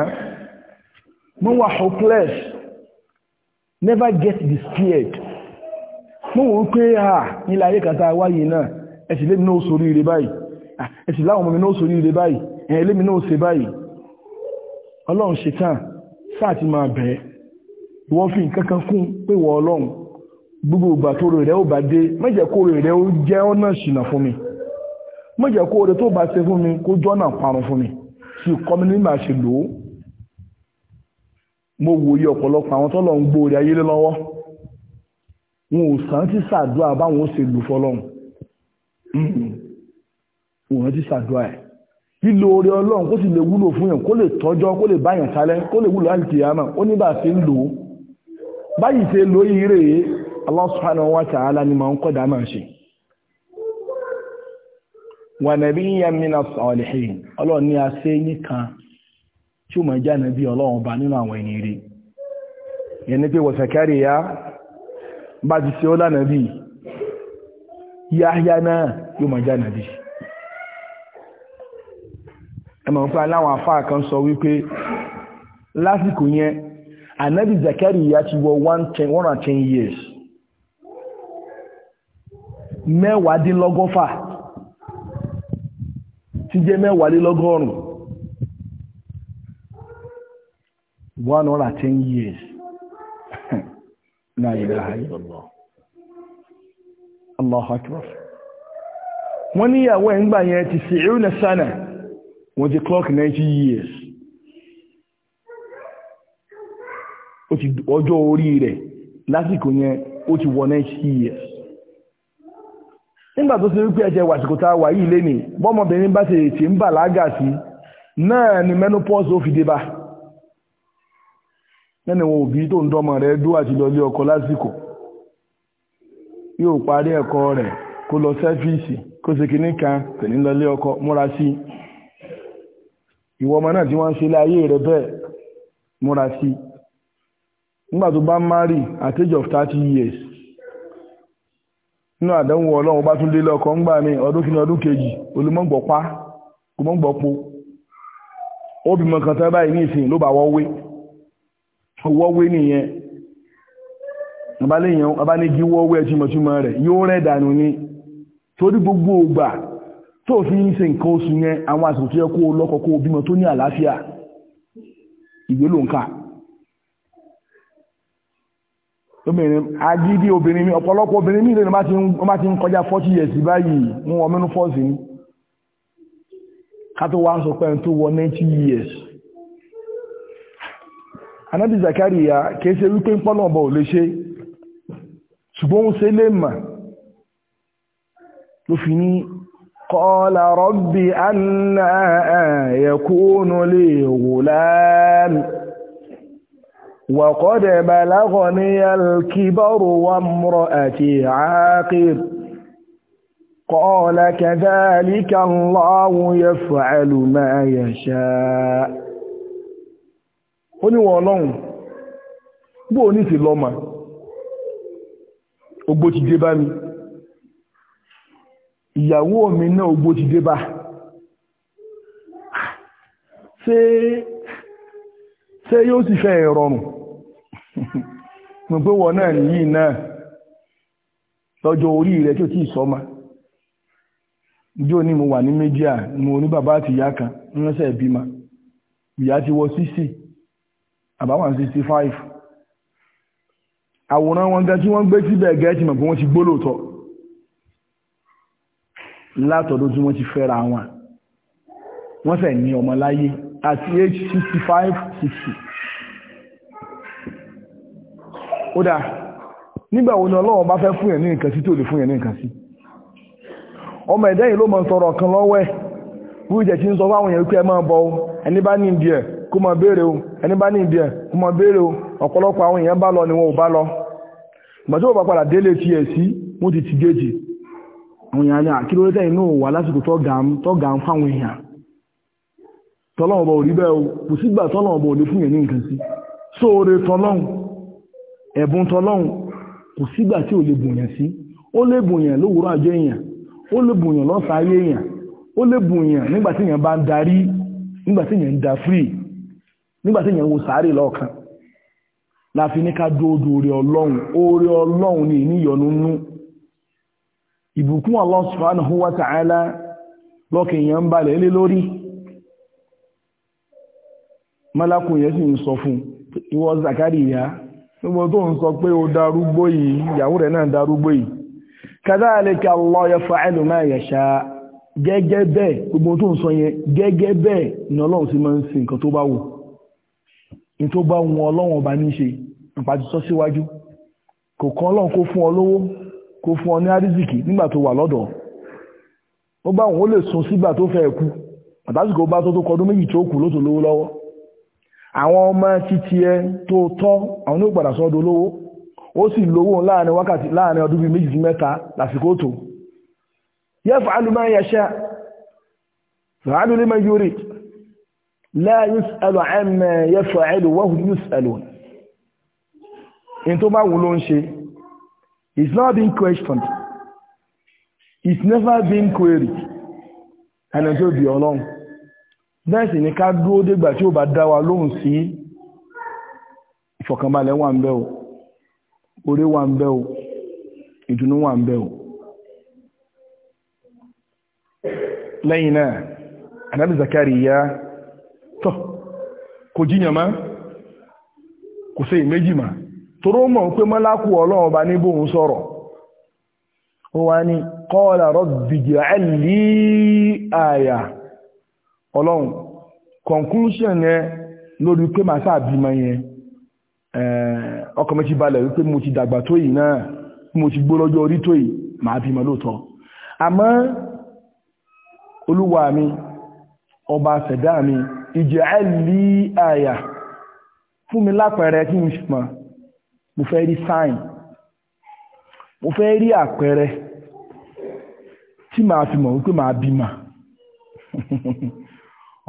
mọ́ wà hopeless never get despaired mọ́ wọ́n pé à nílẹ̀ ayé kàtà wáyé náà ẹ̀sì lé mi náà sórí ire báyìí ẹ̀sì láwọn ọmọ mi náà sórí ire báyìí ẹ̀yìn lé mi náà ṣe báyìí ọlọ́run ṣetán sáà ti máa bẹ̀ẹ́ wọ́n fi nǹkan kan kún pé wọ́n ọlọ́run gbogbo ìgbà tó rẹ̀ ó bá dé má jẹ́ kó rẹ̀ ó jẹ́ ọ̀nà ṣìnà fún mi mo jẹ́ kó oore tó bá ṣe fún mi kó jọ́nà parun fún mi sì kọ́ mi nígbà ṣe lò ó mo wòye ọ̀pọ̀lọpọ̀ àwọn tọ́lọ̀ ń gbóore ayé lọ́wọ́ wọn ò sàn ti ṣàdúrà báwọn ó ṣe lò fọlọ́run òun ti ṣàdúrà ẹ̀ lílo oore ọlọ́run kó sì lè wúlò fún yàn kó lè tọ́jọ́ kó lè báyàn kalẹ̀ kó lè wúlò láti tìyàmà ó ní ṣe ń lò ó báyìí ṣe lóyìn rèé Allah subhanahu wa ta'ala ni màá ń kọ́dà máa ṣe wà nàbí yẹn mìíràn sọ̀lẹ̀hìn ọlọ́run ní a ṣe yín kan tí ó mọ̀ já nàbí ọlọ́run bá nínú àwọn ẹni rí yẹn ni pé wọ̀sẹ̀kẹ́rì ya bá ti ṣe ó lánàbí yáyá náà yóò mọ̀ já nàbí ẹmọ̀ pé aláwọn afá kan sọ wípé lásìkò yẹn ànábì Zakari ya ti wọ 110 years mẹ́wàádínlọ́gọ́fà tí jẹ́ mẹ́wàálélọ́gọ́rùn-ún one hundred ten years na ilaha illallah Allahu akbar wọ́n níyàwó ẹ̀ ń gbà yẹn ti sí ìrìnà sánà wọ́n ti clock 90 years ọjọ́ orí rẹ̀ ti wọ 90 years nígbà tó ti rí pé ẹ̀jẹ̀ wàsìkò tá a wà yìí lénìí bọ́mọbìnrin bá ti ti ń bàlágà sí náà ni menopause ó fi dé bá nẹ́ni wọn òbí tó ń dọ́mọ rẹ̀ dó àti lọ ilé ọkọ lásìkò yóò parí ẹ̀kọ́ rẹ̀ kó lọ sẹ́fíìsì kó ṣe kìíní kan kò lọ ilé ọkọ múra sí ìwọ ọmọ náà tí wọ́n ń ṣe láyé rẹ̀ bẹ́ẹ̀ múra sí nígbà tó bá ń márì at age of thirty years nínú àdánwò ọlọ́run bá tún dé lọ́kọ̀ ń gbà mí ọdún kìíní ọdún kejì olùmọ̀gbọ̀pá kò mọ̀ gbọ̀po kan tán báyìí ní ìsìn ló bá wọ́wé wọ́wé nìyẹn abáléyàn abánigi wọ́wé gbogbo obìnrin agídí obìnrin mi ọ̀pọ̀lọpọ̀ obìnrin mi lẹ́nu bá ti ń kọjá forty years báyìí ń wọ mẹ́nu fọ́ọ̀sì ni ká tó wá sọ pé ẹni tó wọ ninety years anábì Zakariya kìí ṣe wípé ń pọ́nà ọba ò lè ṣe ṣùgbọ́n ó ṣe lè mà ló fi ní قال رب أنا يكون لي غلام وقد بلغني الكبر وامرأتي عاقر قال كذلك الله يفعل ما يشاء ó ní wọn ọlọ́run bó ní sí lọ́mà ogbó ti dé bá mi ìyàwó mi náà ogbó ti dé bá ṣé ṣé yóò sì fẹ́ rọrùn mo pé wọ́n náà nìyí náà lọ́jọ́ orí rẹ̀ tí ó tí ìsọ́mà ìjọ́ ní mo wà ní méjì à mo ní bàbá àti ìyá kan ránṣẹ́ ìbímọ ìyá ti wọ sísì àbáwọn sixty five àwòrán wọn gan tí wọ́n gbé síbẹ̀ gẹ́ẹ̀tì mọ̀ pé wọ́n ti gbólóòtọ́ látọ̀dọ̀ tí wọ́n ti fẹ́ra wọn wọ́n fẹ́ ní ọmọ láyé àti age sixty five sixty. ó dáa nígbà wo ni ọlọ́wọ́ bá fẹ́ fún yẹn ní nǹkan lè fún ní ọmọ ẹ̀dá yìí ló mọ̀ sọ̀rọ̀ kan lọ́wọ́ ẹ̀ wíwí jẹ̀ tí ń sọ fáwọn pé ẹ máa bọ̀ o ẹni bá ní ìdí kó o ẹni bá ní kó o ọ̀pọ̀lọpọ̀ àwọn èèyàn lọ ni wọn lọ bá padà délé sí ti ti géèjì àwọn èèyàn ní wà lásìkò o kò sígbà tọ́lọ́wọ́ bọ̀ ò fún yẹn ní nǹkan ẹ̀bùn tọlọ́run kò sígbà tí ò lè bùnyàn sí ó lè bùnyàn lówùúrọ̀ àjọ èèyàn ó lè bùnyàn lọ́sàá ayé èèyàn ó lè bùnyàn nígbà èèyàn bá ń darí nígbàtí èèyàn ń da free Nígbàtí èèyàn wo sàárè lọ́ọ̀kan ní ká orí ọlọ́run orí ọlọ́run ìníyọnu nú ìbùkún nígbà tó ń sọ pé o darúgbó yìí ìyàwó rẹ̀ náà darúgbó yìí kadhalika Allah yaf'alu ma yasha gẹ́gẹ́ bẹ́ẹ̀ gbogbo tó ń sọ yẹn gẹ́gẹ́ bẹ́ẹ̀ ni ọlọ́run sì máa ń sin nǹkan tó bá wù ní tó bá wọn ọlọ́run ọba ní ṣe nípa ti sọ síwájú kò kan ọlọ́run kó fún ọ lówó kó fún ọ ní àrísìkì nígbà tó wà lọ́dọ̀ ó bá wọn àwọn ọmọ títí ẹ tó tọ́ àwọn ní ògbàdà sọ́dọ̀ olówó ó sì lówó láàrin wákàtí láàrin ọdún bíi méjì sí mẹ́ta lásìkò tó yaf'alu ma yasha fa'alu liman yurid la yus'alu amma yaf'alu wa hum yus'alun bẹ́ẹ̀ sì ni ká dúró dégbà tí ó bá wa lóhùn sí ìfọ̀kànbalẹ̀ wà ń o oore wà ń o ìdùnnú wà ń o lẹ́yìn náà anábì Zakariya tọ́ kò jíyàn má kò sí méjì má toró mọ̀ pé mọ́lákù ọlọ́run ọba ní sọ̀rọ̀ ó wá ní ọlọ́run conclusion yẹn lórí pé màá sáàbímọ yẹn ọkọ mi ti balẹ̀ wípé mo ti dàgbà tó yìí náà mo ti gbó lọ́jọ́ orí tó yìí màá bímọ lóòótọ́ àmọ́ olúwa mi ọba ṣẹ̀dá mi ìjẹ́ lí àyà fún mi lápẹẹrẹ kí n fi mọ̀ mo fẹ́ rí sign mo fẹ́ rí àpẹẹrẹ tí màá fi mọ̀ wípé màá bímọ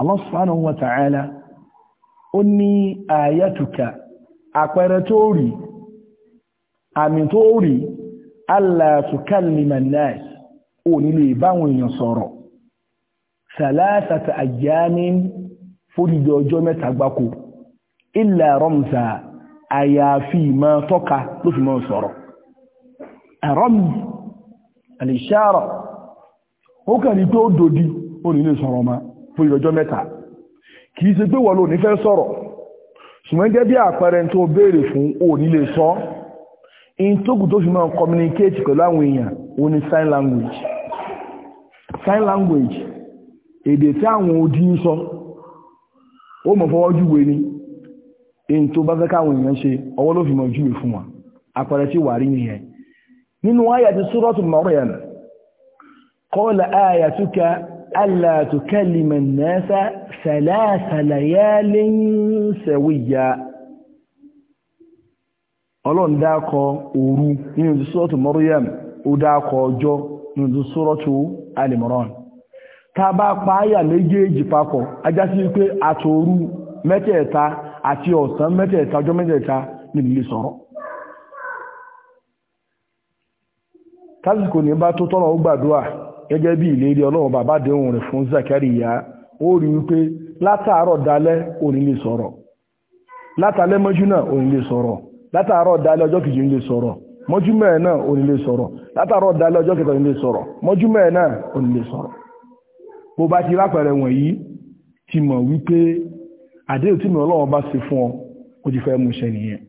Allah subhanahu wa ta'ala ó ní ayatuka àpẹẹrẹ tó rí àmì tó rí alla tukallima an-nas ò nílé ìbáwọn èèyàn sọ̀rọ̀ salasata ayyamin fódìdí ọjọ́ mẹ́ta gbáko illa ramza àyàfi ma tọ́ka ló fi mọ́ sọ̀rọ̀ àrọ́mì al ó kàrí tó dòdí ó nílé sọ̀rọ̀ máa fún ìrọjọ́ mẹ́ta kì í ṣe pé wọ́n ló ní fẹ́ sọ̀rọ̀ ṣùgbọ́n bí àpẹẹrẹ tó béèrè fún òní lè sọ in tókù tó fi máa communicate pẹ̀lú àwọn èèyàn ó ní sign language sign language èdè tí àwọn odi ń sọ ó mọ̀ fọwọ́ júwe ni in tó bá fẹ́ káwọn èèyàn ṣe ọwọ́ ló fi mọ̀ júwe fún wa àpẹẹrẹ tí wà rí nìyẹn nínú àyà ti Suratul Maryam qala ayatuka ألا تكلم الناس ثلاث ليال سويا ọlọ́run dákọ òru nínú ti sọ́rọ̀tù Maryam ndụ dákọ ọjọ́ nínú ti sọ́rọ̀tù Al-Imran ta bá pààyà méjèèjì papọ̀ ajá sí pé àtòru mẹ́tẹ̀ẹ̀ta àti ọ̀sán mẹ́tẹ̀ẹ̀ta ọjọ́ mẹ́tẹ̀ẹ̀ta nílùú gẹ́gẹ́ bí ìlérí ọlọ́run bàbá dẹ́hùn rẹ̀ fún Zakariya ó rí wípé látàárọ̀ dalẹ́ òní lè sọ̀rọ̀ látàlẹ́ mọ́jú náà òní lè sọ̀rọ̀ látàárọ̀ dalẹ́ ọjọ́ kejì òní lè sọ̀rọ̀ mọ́jú mẹ́ẹ̀ náà òní lè sọ̀rọ̀ látàárọ̀ dalẹ́ ọjọ́ kẹta òní lè sọ̀rọ̀ mọ́jú mẹ́ẹ̀ náà òní lè sọ̀rọ̀ bó bá ti rápẹ̀rẹ̀ wọ̀nyí ti mọ̀ wípé àdéhùn tí mi ọlọ́run bá ṣe fún ọ ó ti fẹ́ mú ṣẹ nìyẹn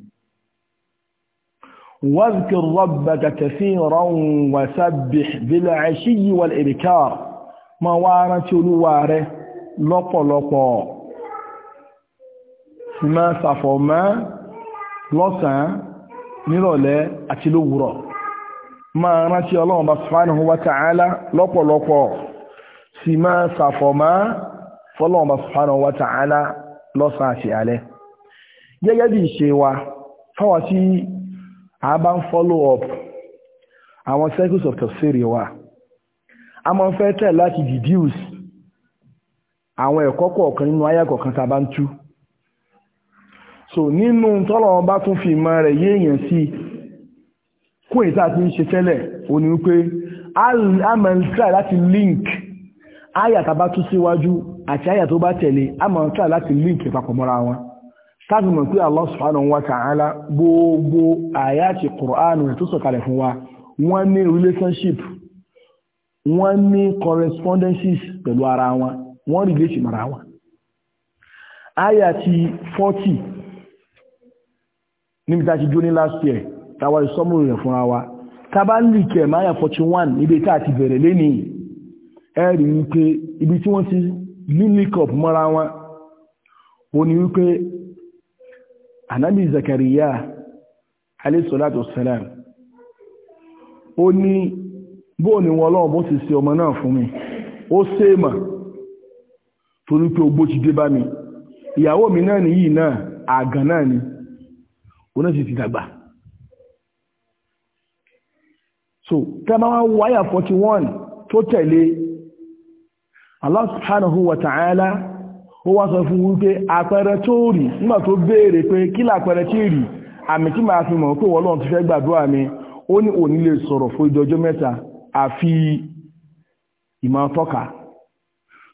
واذكر ربك كثيرا وسبح بالعشي والإبكار ما وارت الواره لطلقا ما سفما لسان nírọ̀lẹ́ àti lówùrọ̀ máa rántí ọlọ́run bá subhanahu wa ta'ala lọ́pọ̀lọpọ̀ sì máa sàfọ̀má fọ́lọ́run bá subhanahu wa ta'ala lọ́sàn àti alẹ́ gẹ́gẹ́ bí ìṣe wa fáwọn tí a bá ń follow up àwọn circles of tafsiri wa a máa ń fẹ́ tẹ̀ láti deduce àwọn ẹ̀kọ́ kọ̀ọ̀kan nínú ayé kọ̀ọ̀kan tá ń tú so nínú tọ́lọ̀ bá tún fi ìmọ̀ rẹ̀ yé èèyàn sí kún ìta tí ń ṣe tẹ́lẹ̀ ó ní wípé a máa ń try láti link ayà tá a bá tú síwájú àti ayà tó bá tẹ̀lé a máa ń try láti link ìpapọ̀ mọ́ra wọn káàkiri mọ̀ pé Allah subhanahu wa ta'ala gbogbo àyàtì Kùránù rẹ̀ tó sọ̀kalẹ̀ fún wa wọ́n ní relationship wọ́n ní correspondences pẹ̀lú ara wọn wọ́n rí léṣì mara wọn àyàtì 40 níbi tá a last year ìsọ́mùrù rẹ̀ fúnra wa 41 níbi ti bẹ̀rẹ̀ ànábì zakariya alayhi salatu wassalam ó ní bóò ni wọn lọ́wọ́ bó ti ṣe ọmọ náà fún mi ó sèèmà torí pé ogbó ti dé bá mi ìyàwó mi náà nìyí náà àgàn náà ni òun náà sì ti dàgbà so tẹ́bá wá wáyà 41 tó tẹ̀lé Allah subhanahu wa ta'ala ó wá sọ fún wípé àpẹẹrẹ tó rí nígbà tó béèrè pé kí làpẹẹrẹ tí rí àmì tí màá fi mọ̀ pé wọ́n lọ́n ti fẹ́ gbàdúrà mi ó ní òní lè sọ̀rọ̀ fún ìjọjọ́ mẹ́ta àfi ìmọ̀ tọ́ka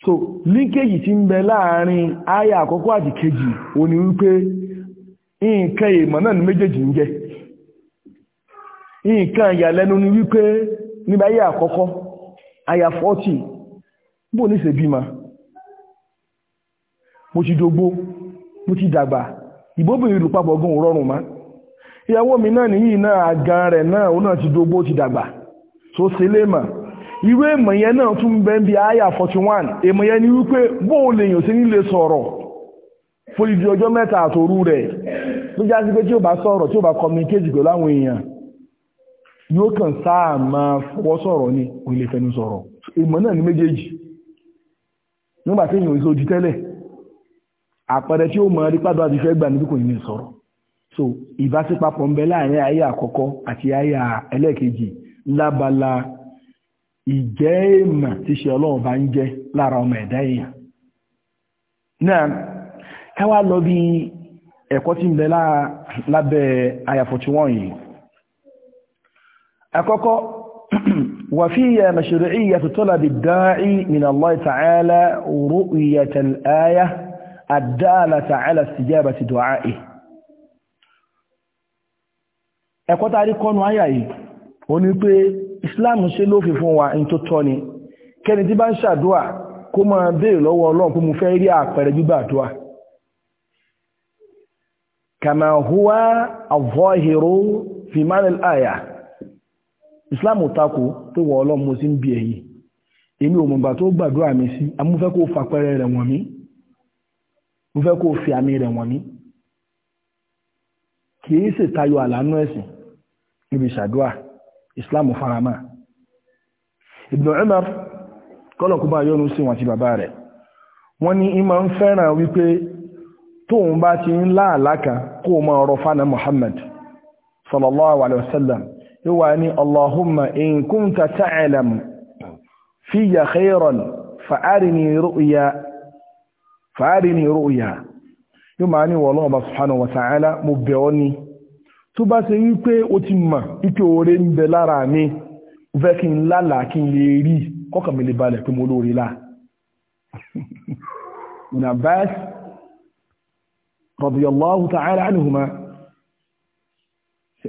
so líkéjì ti ń bẹ láàrin aya àkọ́kọ́ àti kejì ó ní wípé nǹkan ìmọ̀ náà ní méjèèjì ń jẹ́ nǹkan ni wípé àkọ́kọ́ aya mo ti dogbó mo ti dàgbà ìbóbìnrin lù papọ̀ gan rọrùn má ìyàwó mi náà nìyí náà àgan rẹ̀ náà ó náà ti dogbó ti dàgbà tó ṣe lè mà irú èmọ̀ yẹn náà tún bẹ́ ń bi àyà forty one èmọ̀ yẹn ni wípé bóun lèèyàn sí nílé sọ̀rọ̀ fòlìdì ọjọ́ mẹ́ta àtòru rẹ̀ ló já sí pé tí ó bá sọ̀rọ̀ tí ó bá communicate pẹ̀lú àwọn èèyàn yóò kàn sáà máa fọwọ́ sọ̀rọ̀ ni kò lè fẹnu sọ̀rọ̀ èmọ̀ náà ni méjèèjì nígbà tí èèyàn ò sọ tẹ́lẹ̀ àpẹẹrẹ tí ó mọ̀ rí pàdó àti fẹ́ gbà níbi kò ní sọ̀rọ̀ so ìbáṣepapọ̀ ń bẹ láàrin ayé àkọ́kọ́ àti ayé ẹlẹ́ẹ̀kejì lábala ìjẹ́ èèmà tí ṣe ọlọ́run bá ń jẹ́ lára ọmọ ẹ̀dá èèyàn náà káwá lọ bí ẹ̀kọ́ tí ń bẹ lábẹ́ aya 41 yìí àkọ́kọ́ وفي مشروعية طلب الداعي من الله تعالى رؤية الآية الدالة على استجابة دعائه ẹ̀kọ́ tàrí kọnu ayà yìí o ní pé Islam ṣe lófin fún wa in tó tọ́ ni kẹni tí bá ń ṣàdúà kó máa béèrè lọ́wọ́ Ọlọ́run pé mo fẹ́ rí àpẹẹrẹ gbígbà àdúà kama huwa az-zahiru fi Islam tako pé wọ́n Ọlọ́run mo sì ń bí èyí èmi ò mọ̀gbà tó gbàdúrà mi sí amúfẹ́ kó fàpẹẹrẹ rẹ̀ wọ̀n mi mo fẹ́ kó fi àmì rẹ̀ wọ̀n ní kìí sì tayọ àlànà ẹ̀sìn níbi ìṣàdúà islam farama ibn umar kọ́lọ̀kú bá yọ́nu sí wọn àti bàbá rẹ̀ wọ́n ní ìmọ̀ ń fẹ́ràn wípé tóun bá ti ń láàláka kó o máa rọ̀ fánà muhammad sallallahu alaihi wasallam fàárí ní rúùyà yóò máa ní wọ̀lọ́wọ́ bá subhanahu wa ta'ala bẹ̀ ọ́ ni tó bá ṣe wípé ó ti ma ike oore ń bẹ lára mi fẹ́ kí n lálàá kí n lè rí kọ́kàn mi lè balẹ̀ pé mo lóore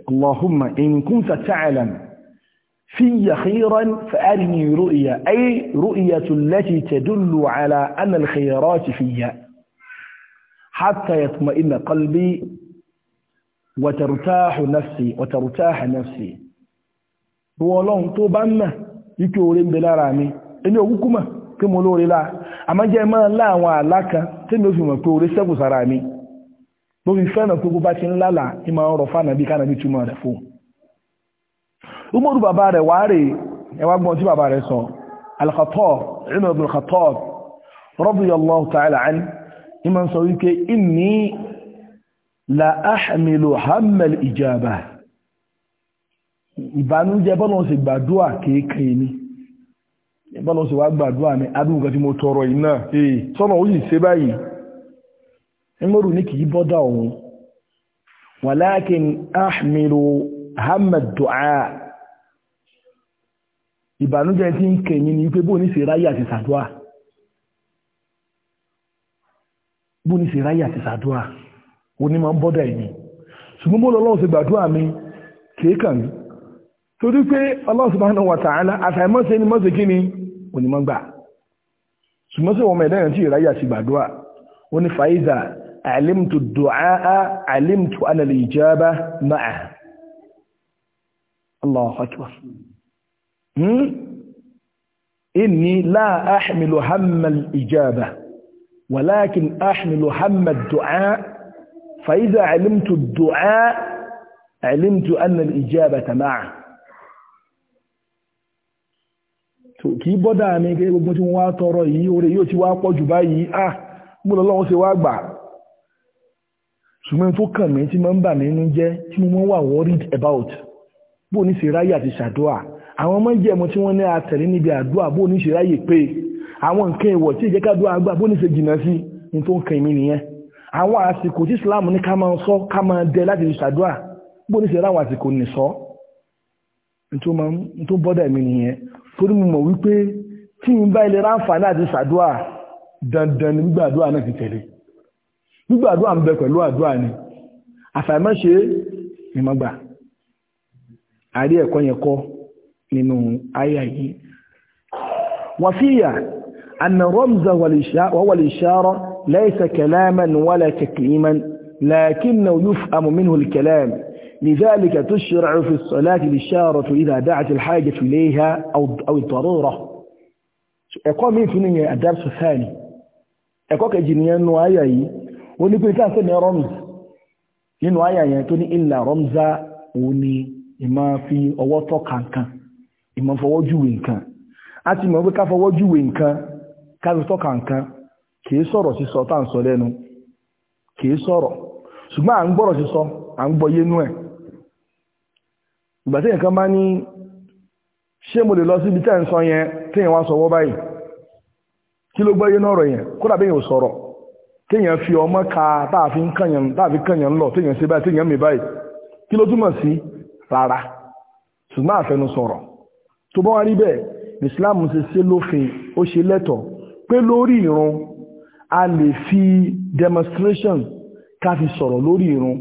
allahumma in kunta ta'lam في خيرا فأرني رؤيا أي رؤية التي تدل على أن الخيرات فيها حتى يطمئن قلبي وترتاح نفسي وترتاح نفسي بولون طوبان يكورين بلا رامي إنه وكما كم لوري لا أما جاء ما لا وعلاك تنوفي ما كوري سبو سرامي بوفي فانا كوكو باتين لا لا إما أورو فانا بي كان بي تمارفو umaru bàbá rẹ̀ wà rè ẹwà gbọ́n tí bàbá rẹ̀ sọ al-Khattab Umar ibn al-Khattab radiyallahu ta'ala anhu ìmọ̀ sọ wípé inni la ahmilu hammal ijaba ìbànújẹ́ bọ́lọ̀ sì gbàdúà kéèkè ni ìbọ́lọ̀ sì wá gbàdúà ní adúgbà tí mo tọrọ du'a ìbànújẹ́ tí ń kẹ̀yìn ni pé bóní ṣe ráyè àti sàdúà bóní ṣe ráyè àti sàdúà onímọ̀ ń bọ́dà ẹ̀mí ṣùgbọ́n bó lọ́lọ́wọ́ ṣe gbàdúrà mi kìí kàn mí torí pé Allah subhanahu wa ta'ala àtàìmọ́sẹ̀ ni mọ́sẹ̀ kí ni onímọ̀ gbà ṣùgbọ́n sí ọmọ ẹ̀dá yẹn tí ìráyè àti ó ní fàíza àìlèmtò dùáà àìlèmtò alàlè ìjábá máa Allah akbar Hmm? inni la ahmilu hamma al-ijaba walakin ahmilu hamma ad-du'a fa idha 'alimtu ad-du'a 'alimtu anna al-ijabata ma'a to ki boda mi gẹ́gẹ́ gbogbo tí wọ́n wá tọrọ yìí orí ti wá pọ̀ ah múlò lọ́wọ́ sí wá gbà ṣùgbọ́n tó kàn mí tí mo ń bà mí nínú jẹ́ mo mọ́ worried about bó ni ṣe ráyè àti àwọn mọ́jẹ̀mú tí wọ́n ní àtẹ̀lé níbi àdúrà bó ní ṣe ráyè pé àwọn nǹkan ìwọ̀ tí ìjẹ́ká àdúrà àgbà bó ní ṣe jìnnà sí ní tó ń kàn mí nìyẹn àwọn àsìkò tí Islam ní ká máa sọ ká máa dẹ láti fi ṣàdúrà bó ní ṣe ráwọn àsìkò nì sọ ní tó bọ́dà mí nìyẹn torí mo mọ̀ wípé tí n bá ilé ráǹfààní àti ṣàdúrà dandan ní gbígbà àdúrà náà ti tẹ̀lé gbígbà àdúrà ń bẹ pẹ̀lú àdúrà ni àfàìmọ́ṣe ìmọ̀gbà àrí ẹ̀kọ́ yẹn kọ́ nínú àyà yìí wọ́n fi yà anna ramza wal ishara laysa kalaman wala takliman لكنه يفهم منه الكلام لذلك تشرع في الصلاة الإشارة إذا دعت الحاجة إليها أو أو الضرورة ẹ̀kọ́ mi tún ní الدرس الثاني ẹ̀kọ́ kejì nínú àyá yìí ó ní pé tá ṣe ní ramz nínú àyá yẹn tó ní illa ramza ó ní ìmá fi ọwọ́ tọ́ kankan ìmọ̀fọwọ́júwe nǹkan a ti mọ̀ pé ká fọwọ́júwe nǹkan ká fi tọ́ka nǹkan kìí sọ̀rọ̀ sísọ tá à ń sọ lẹ́nu kìí sọ̀rọ̀ ṣùgbọ́n à ń gbọ́rọ̀ sọ à ń gbọ́ yénú ẹ̀ ìgbà tí nǹkan bá ní ṣé mo lè lọ síbi tẹ́ ń sọ yẹn téèyàn wá sọwọ́ báyìí kí ló gbọ́yé náà rọ̀ yẹn kódà sọ̀rọ̀ téèyàn fi ọmọ ka kànyàn kànyàn lọ téèyàn ṣe báyìí téèyàn báyìí kí ló túmọ̀ sí rárá ṣùgbọ́n àfẹnusọ̀rọ̀ tó bá wá rí bẹ́ẹ̀ islam ṣe ṣe lófin ó ṣe lẹ́tọ̀ pé lórí ìrun a lè fi demonstration ká fi sọ̀rọ̀ lórí ìrun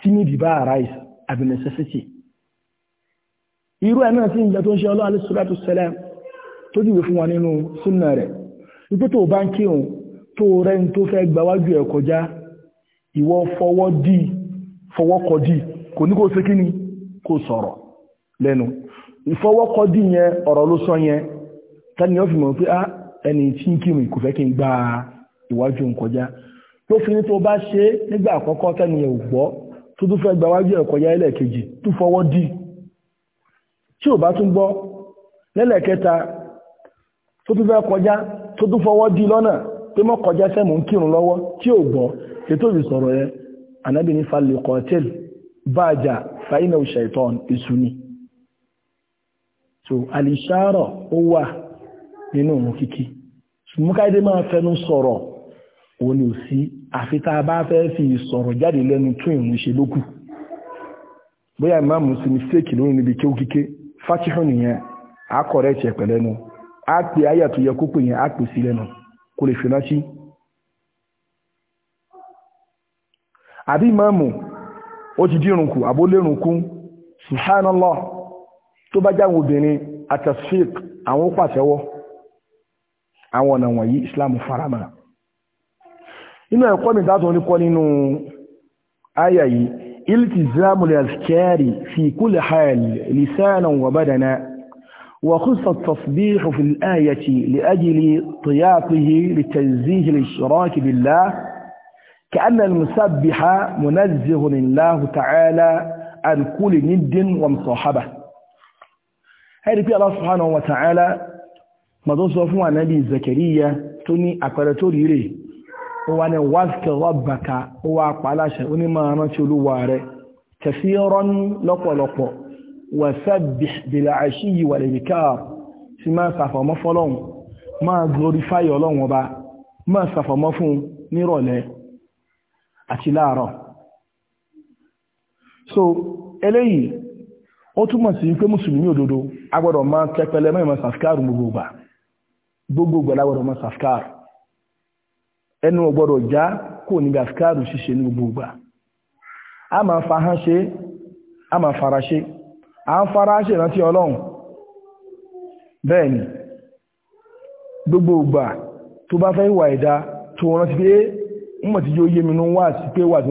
tí ní dìbà arise àbí necessity irú ẹ̀ náà sí ìjẹ́ tó ń ṣe ọlọ́run alẹ́sọ́látò sẹ́lẹ̀ tó dìbò fún wa nínú súnà rẹ̀ wípé tó bá ń kírun tó rẹ̀ ń tó fẹ́ gbáwájú ẹ̀ kọjá ìwọ fọwọ́ dì fọwọ́ kọ dì kò ní kó ṣe kí ni sọ̀rọ̀ lẹ́nu ìfọwọ́kọ́dí yẹn ọ̀rọ̀ ló sọ yẹn tẹ́ni ó fi mọ̀ pé ah, ẹni tí ń kírun kò fẹ́ kí n gba ìwájú ń kọjá tó fi ní tó bá ṣe nígbà àkọ́kọ́ tẹ́ni ẹ̀ ò gbọ́ tó tún fẹ́ gba wájú ẹ̀ kọjá ẹlẹ́ẹ̀kejì tó fọwọ́ dì tí ò bá tún gbọ́ lẹ́lẹ́kẹta tó tún fẹ́ kọjá tó tún fọwọ́ dì lọ́nà pé mọ́ kọjá sẹ́mù ń kírun lọ́wọ́ tí ò gbọ́ ètò ìsọ̀rọ̀ yẹn ànábì falẹ̀ kọ́tẹ́lì báàjà fàínà òṣèìtọ́ ìsúni so alìṣàárọ̀ ó wà nínú òun kíkí ṣùgbọ́nkáyédé máa fẹnu sọ̀rọ̀ ni ò sí àfi bá fẹ́ fi sọ̀rọ̀ jáde lẹ́nu tún ìrun ṣe lókù bóyá ìmáàmù sí mistake lórí níbi kí ó kíké fátíhàn nìyẹn a correct ẹ̀ pẹ̀lẹ́nu a pè ayà tó yẹ a pè sí lẹ́nu tó bá jáwọn obìnrin atasfik àwọn pàṣẹwọ́ àwọn ọ̀nà wọ̀nyí islam farama nínú ẹ̀kọ́ mi dáàtọ̀ ní kọ́ nínú àyà yìí iltizamu al-azkari fi kulli hal lisanan wa badana wa khussa at-tasbih fi al-ayati li ajli tiyatihi li tanzih al-ishrak billah كأن المسبح منزه لله تعالى عن كل ند ومصاحبه ẹ̀rí pé Allah subhanahu wa ta'ala màtó sọ fún ànábì Zakariya tó ní àpẹẹrẹ tó rí rè ó wá ní wáṣíkẹ̀ rọ́bàkà ó wá pàláṣẹ ó ní máa rántí olúwa rẹ̀ kẹfí rọ́n lọ́pọ̀lọpọ̀ wà sábì bìlà àṣíyí wà lè ríkà so eléyìí ó túmọ̀ sí pé mùsùlùmí òdodo agbọ́dọ̀ máa tẹpẹlẹ mọ́ ìmọ̀ sàfikáàrù gbogbo gbogbogbà lágbọ́dọ̀ mọ́ sàfikáàrù ẹnu ọgbọ́dọ̀ já kò níbi àfikáàrù ṣíṣe ní a máa fa hán ṣe a fara ṣe ń fara ṣe bẹ́ẹ̀ ni tó bá fẹ́ ìwà ẹ̀dá tó ń mọ̀ tí yóò yé mi nú wá sí pé wà tí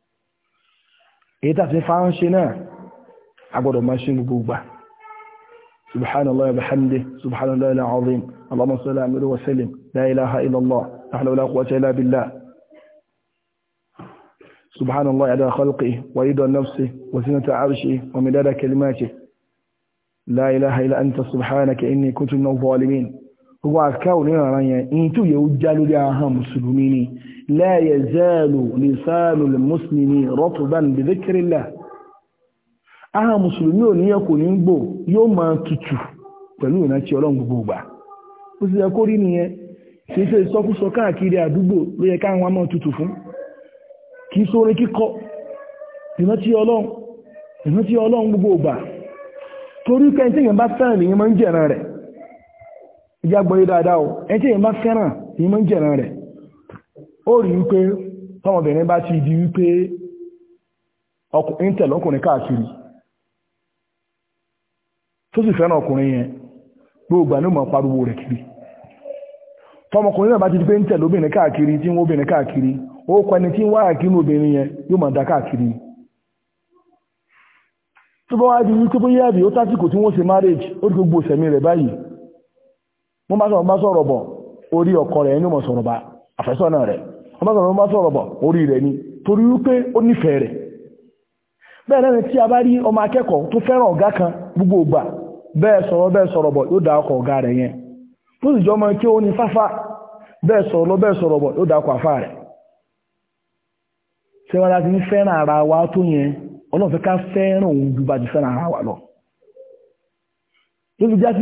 èyí tàbí fáńṣe náà agbọ́dọ̀ máa ṣe gbogbo gbà subhanallah wa bihamdi subhanallah al-azim allahumma salli ala wa sallim la ilaha illa allah la hawla wala quwwata illa billah subhanallah ala khalqihi wa ridha nafsihi wa zinata arshihi wa midada kalimatihi la ilaha subhanaka inni kuntu minadh-dhalimin gbogbo àkẹ́ òní ọ̀rọ̀ yẹn in tí yóò já lórí ahọ́n mùsùlùmí ni la yazalu lisanu lmuslimi ratban bi dhikrillah ahọ́n mùsùlùmí ò níyẹ kò ní gbogbo ìgbà ó sì yẹ kó rí nìyẹn kì í ṣe ìsọkúsọ káàkiri àdúgbò ló yẹ káwọn máa tutù fún kì í sórin kíkọ ìrántí ọlọ́run gbogbo ìjà gbọ́yé dáadáa o ẹ tí èyàn bá fẹ́ràn ní mọ́ ń jẹ̀ràn rẹ̀ ó rí wípé tọmọbìnrin bá ti di wípé intel ọkùnrin káàkiri tó sì fẹ́ràn ọkùnrin yẹn gbogbo àná mọ̀ pariwo rẹ̀ kiri tọmọkùnrin náà bá ti di pé intel obìnrin káàkiri tí wọ́n obìnrin káàkiri ó ẹni tí ń obìnrin da káàkiri tó bá wá di wípé bóyá ó tásìkò tí wọ́n ṣe marriage ó ti gbogbo mo bá sọ̀rọ̀ bá orí rẹ̀ orí ni bẹ́ẹ̀ lẹ́nu tí a bá rí ọmọ akẹ́kọ̀ọ́ tó fẹ́ràn ọ̀gá kan gbogbo ògbà bẹ́ẹ̀ sọ̀rọ̀ bẹ́ẹ̀ sọ̀rọ̀ bọ̀ yóò dá ọkọ̀ ọ̀gá rẹ̀ yẹn tó sì jọ ọmọ kí ó ní fáfá bẹ́ẹ̀ sọ̀rọ̀ bẹ́ẹ̀ sọ̀rọ̀ bọ̀ yóò dá ọkọ̀ àfá rẹ̀ wa tó yẹn ká fẹ́ràn òun ju bá ti fẹ́ràn ara wa lọ. tó fi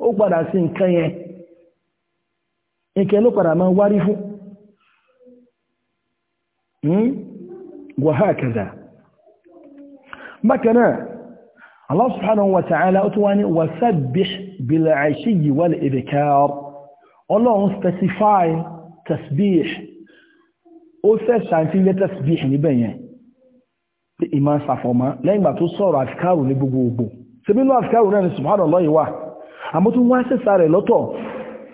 ó padà sí nǹkan yẹn nǹkan ló padà máa wárí fún hmm? wàhá bákanáà Allah subhanahu wa ó tún wá ní wasabbih bil ashiyyi wal ibkar ọlọ́run specify tasbih ó fẹ́ ṣàntílẹ̀ tasbih níbẹ̀ yẹn ìmá sàfọ̀mọ́ lẹ́yìngbà tó sọ̀rọ̀ àfikáàrù ní gbogbogbò ṣe bí lọ́ àfikáàrù náà ni subhanallah yìí àmọ́ tún wá sí sáré lọ́tọ̀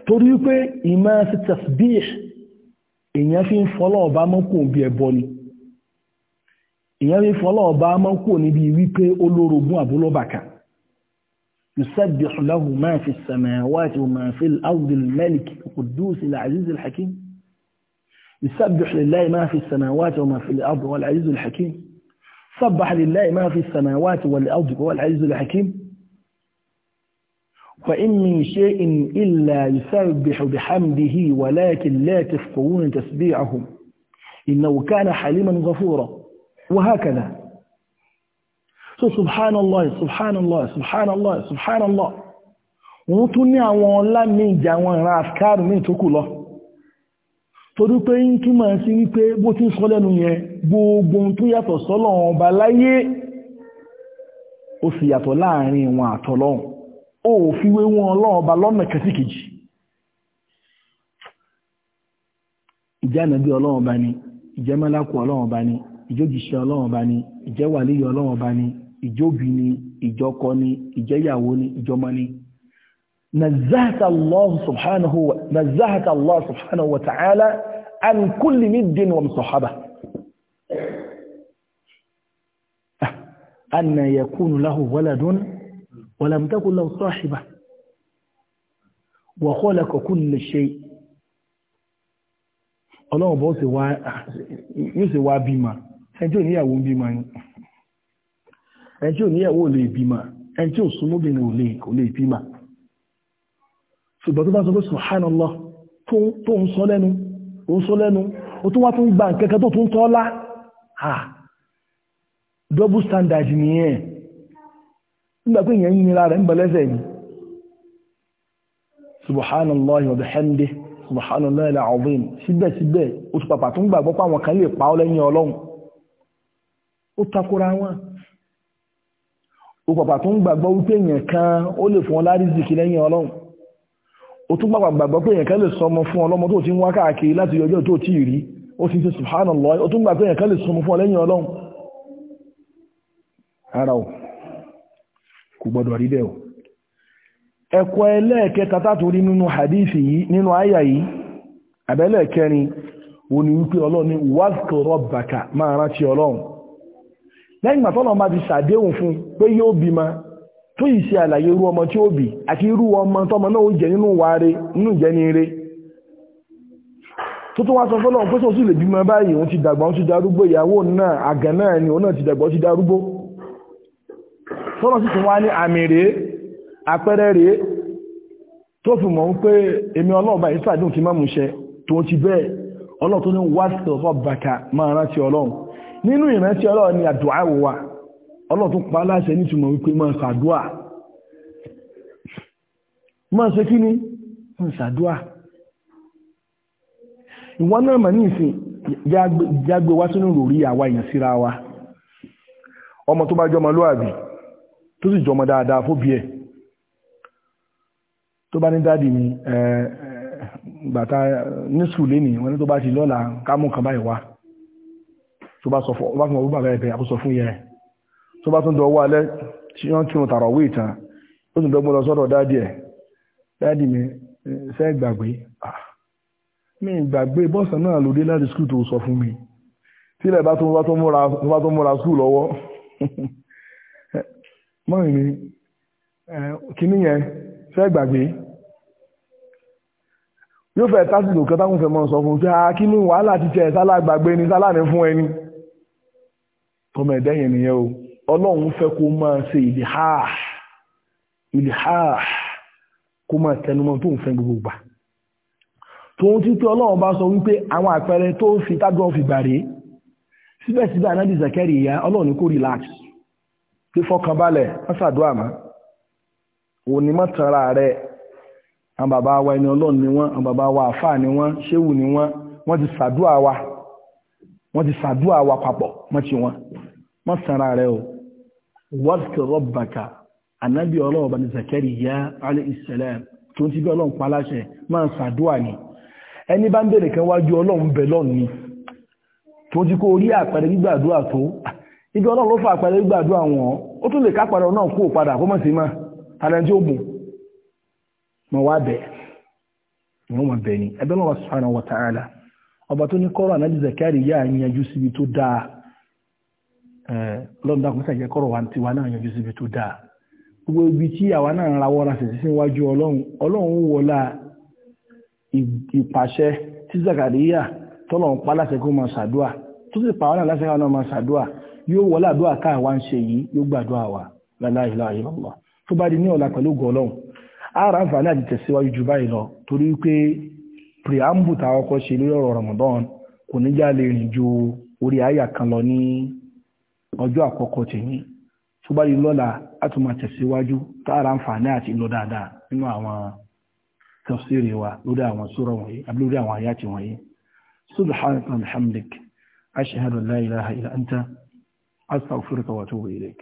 torí pé ìmọ̀ sí tasbih èyàn fi ń fọ́lọ́ ọba mọ́kù bí ẹbọ ni èyàn fi ń fọ́lọ́ ọba mọ́kù níbi wípé olórogún àbúlọ́bàkà يسبح لله ما في السماوات وما في الأرض هو والأرض هو الحكيم وإن من شيء إلا يسبح بحمده ولكن لا تفقهون تسبيحهم إنه كان حليما غفورا وهكذا so سبحان الله سبحان الله سبحان الله سبحان الله wọ́n tún ní àwọn ọlá ní ìjà àwọn ìran àfikáàrù ní ìtókù lọ torí pé ń túnmọ̀ sí wípé bó tí ń sọ lẹ́nu yẹn gbogbo tó yàtọ̀ sọ́lọ̀ ọba láyé ó sì yàtọ̀ láàrin ìwọn àtọ̀lọ́hùn ó fi wé wọn ọlọ́run ọba lọ́nà kẹsíkejì ìjẹ́ ànábí ọlọ́run ọba ni ìjẹ́ mẹ́lákù ọlọ́run ọba ni ìjógìṣẹ́ ọlọ́run ọba ni ìjẹ́ wàlíyọ ọlọ́run ọba ni ìjóbi ni ìjọkọ ni ìjẹ́yàwó ni ìjọmọ ni nazahata ولم تكن له صاحبة وخلق كل شيء ọlọ́run bọ́ yóò sì wá bímọ ẹni tí ò níyàwó ń bímọ ni ẹni tí ò níyàwó ò lè bímọ ẹni tí ò súnmọ́bìnrin ò lè kò lè bímọ ṣùgbọ́n tó bá sọ pé subhanallah tó ń sọ lẹ́nu ó ń sọ lẹ́nu ó tún wá tún gba nǹkan kan tó tún tọ́lá nígbà pé èèyàn yìnyín lára ń bẹ lẹ́sẹ̀ ni subhanallah wa bihamdi subhanallah al-azim síbẹ̀síbẹ̀ ó tún pàpà tó ń gbàgbọ́ pàwọn kan lè pa ọ́ lẹ́yìn ọlọ́run ó takora wọn ó pàpà tó ń gbàgbọ́ wípé èèyàn kan ó lè fún ọ lárízìkí lẹ́yìn ọlọ́run ó tún pàpà gbàgbọ́ pé èèyàn kan lè sọmọ fún ọlọ́mọ tó ti ń wá káàkiri láti ọjọ́ tó ti rí ó ti ń ṣe subhanallah ó tún gbàgbọ́ èèyàn kan lè sọmọ fún ọ lẹ́yìn ọlọ́run ara ò kò gbọ́dọ̀ rí bẹ́ẹ̀ o ẹ̀kọ́ ẹlẹ́ẹ̀kẹta tàtúrí nínú hadithi yìí nínú àyà yìí àbẹ́lẹ̀kẹrin wo ni wípé ọlọ́run ní wazkur rabbaka máa rántí ọlọ́run lẹ́yìn ìgbà fun ti ṣàdéhùn fún pé yóò bímọ tó yìí ọmọ tí ó ọmọ tọmọ náà ó jẹ nínú wa re nínú ìjẹni re tó tún wá sọ fọ́lọ́run pé sọ́sù lè bímọ báyìí òun ti dàgbà òun ti darúgbó ìyàwó náà náà ni òun náà ti dàgbà ti darúgbó tọ́lọ́ sì tún wá ní àmì rèé àpẹẹrẹ rèé tó fi mọ̀ pé èmi ọlọ́run báyìí sàdún kí má mú ṣe tó ti bẹ́ẹ̀ ọlọ́run ní wáṣẹ̀ ọ̀fọ́ ni àdúà wà ọlọ́run tó pa aláṣẹ nítumọ̀ wípé máa ṣàdúà ni máa ṣàdúà ìwọ náà mà ní ìsìn jágbe wá sínú lórí àwa èèyàn síra ọmọ tó bá jọmọ lóàbí tó sì jọmọ dáadáa fóbi ẹ̀ tó bá ní dáàdì mi gbàtà ní sùúrù lé ní wọn ní tó bá ti lọ́la kámú kan báyìí wá tó bá sọ fún ọba fún ọba bẹ̀rẹ̀ àkóso fún yẹn tó bá tún dọ̀ ọwọ́ alẹ́ tí wọ́n tún tààrọ̀ wé ìtàn ó sì dọ́gbọ́n lọ sọ́dọ̀ dáàdì ẹ̀ dáàdì mi ṣe gbàgbé mi gbàgbé bọ́sàn náà lòdì láti skul tó sọ fún mi tílẹ̀ bá tún múra skul lọ́wọ́ mọ́rin ni kìíní yẹn fẹ́ gbàgbé yóò fẹ́ tásìlò kan táwọn fẹ́ mọ́ sọ fún pé a ah, kí ní wàhálà ti tẹ̀ sálà gbàgbé ni sálà ní fún ẹni tọmọ ẹ̀dẹ́ yẹn nìyẹn o ọlọ́run fẹ́ kó máa ṣe ìdíhà ìdíhà kó máa tẹnumọ́ tó ń fẹ́ gbogbo gbà tòun ti pé ọlọ́run bá sọ wípé àwọn àpẹẹrẹ tó fi tágbọ́n fi gbà rèé síbẹ̀síbẹ̀ anábì Zakariya ọlọ́run kó relax fífọkànbalẹ̀ wọ́n ṣàdúrà mọ́ òun ni mọ́tara rẹ̀ àwọn bàbá wa ẹni ọlọ́run ni wọ́n àwọn bàbá wa àfáà ni wọ́n ṣéwù ni wọ́n wọ́n ti ṣàdúrà wa wọ́n ti ṣàdúrà wa papọ̀ mọ́ ti wọn mọ́tara rẹ̀ o wọ́ọ̀tì rọ́bàkà ànábì ọlọ́run bá ní Zakariya alayhi salam tó ti bí ọlọ́run paláṣẹ máa ṣàdúrà ni ẹni bá ń bèrè kan wájú ọlọ́run bẹ̀ lọ́run ni tó ti kó orí àpẹẹrẹ gbígbàdúrà tó ibi ọlọ́run ló fà àpẹẹrẹ gbígbàdúrà wọn ó tún lè ká padà náà kó padà kó mọ̀ sí máa tàbí tí ó mú mọ̀ wá bẹ̀ wọ́n bẹ̀ ni ẹgbẹ́ lọ́wọ́ subhanahu wa ta'ala ọba tó ní kọ́rọ̀ ànábì Zakariya yanjú síbi tó dáa lọ́dún kò sàjẹ́ kọ́rọ̀ wa tiwa náà yanjú síbi tó dáa gbogbo ibi tí àwa náà ń rawọ́ ra sẹ̀sẹ̀ síwájú ọlọ́run ọlọ́run wọlá ìpàṣẹ tí Zakariya tọ́lọ̀ ń pa láṣẹ kó máa ṣàdúà tó sì pa àwọn náà láṣẹ yóò wọlé àdúrà káà wá ń ṣe yìí yóò gbàdúrà wa la tó bá di ní ọ̀la pẹ̀lú gọlọ́hùn ara ń fàánà àti tẹ̀síwájú ju báyìí lọ torí pé ọkọ̀ ṣe Ramadan kò ní já lè rìn ju orí àyà kan lọ ní ọjọ́ àkọ́kọ́ tèmi tó bá di lọ́la a tún máa tẹ̀síwájú tára ń fàánà àti lọ dáadáa nínú àwọn wa lórí àwọn wọ̀nyí àbí lórí àwọn àyà ti wọ̀nyí ilaha illa astaghfiruka wa atubu ilayk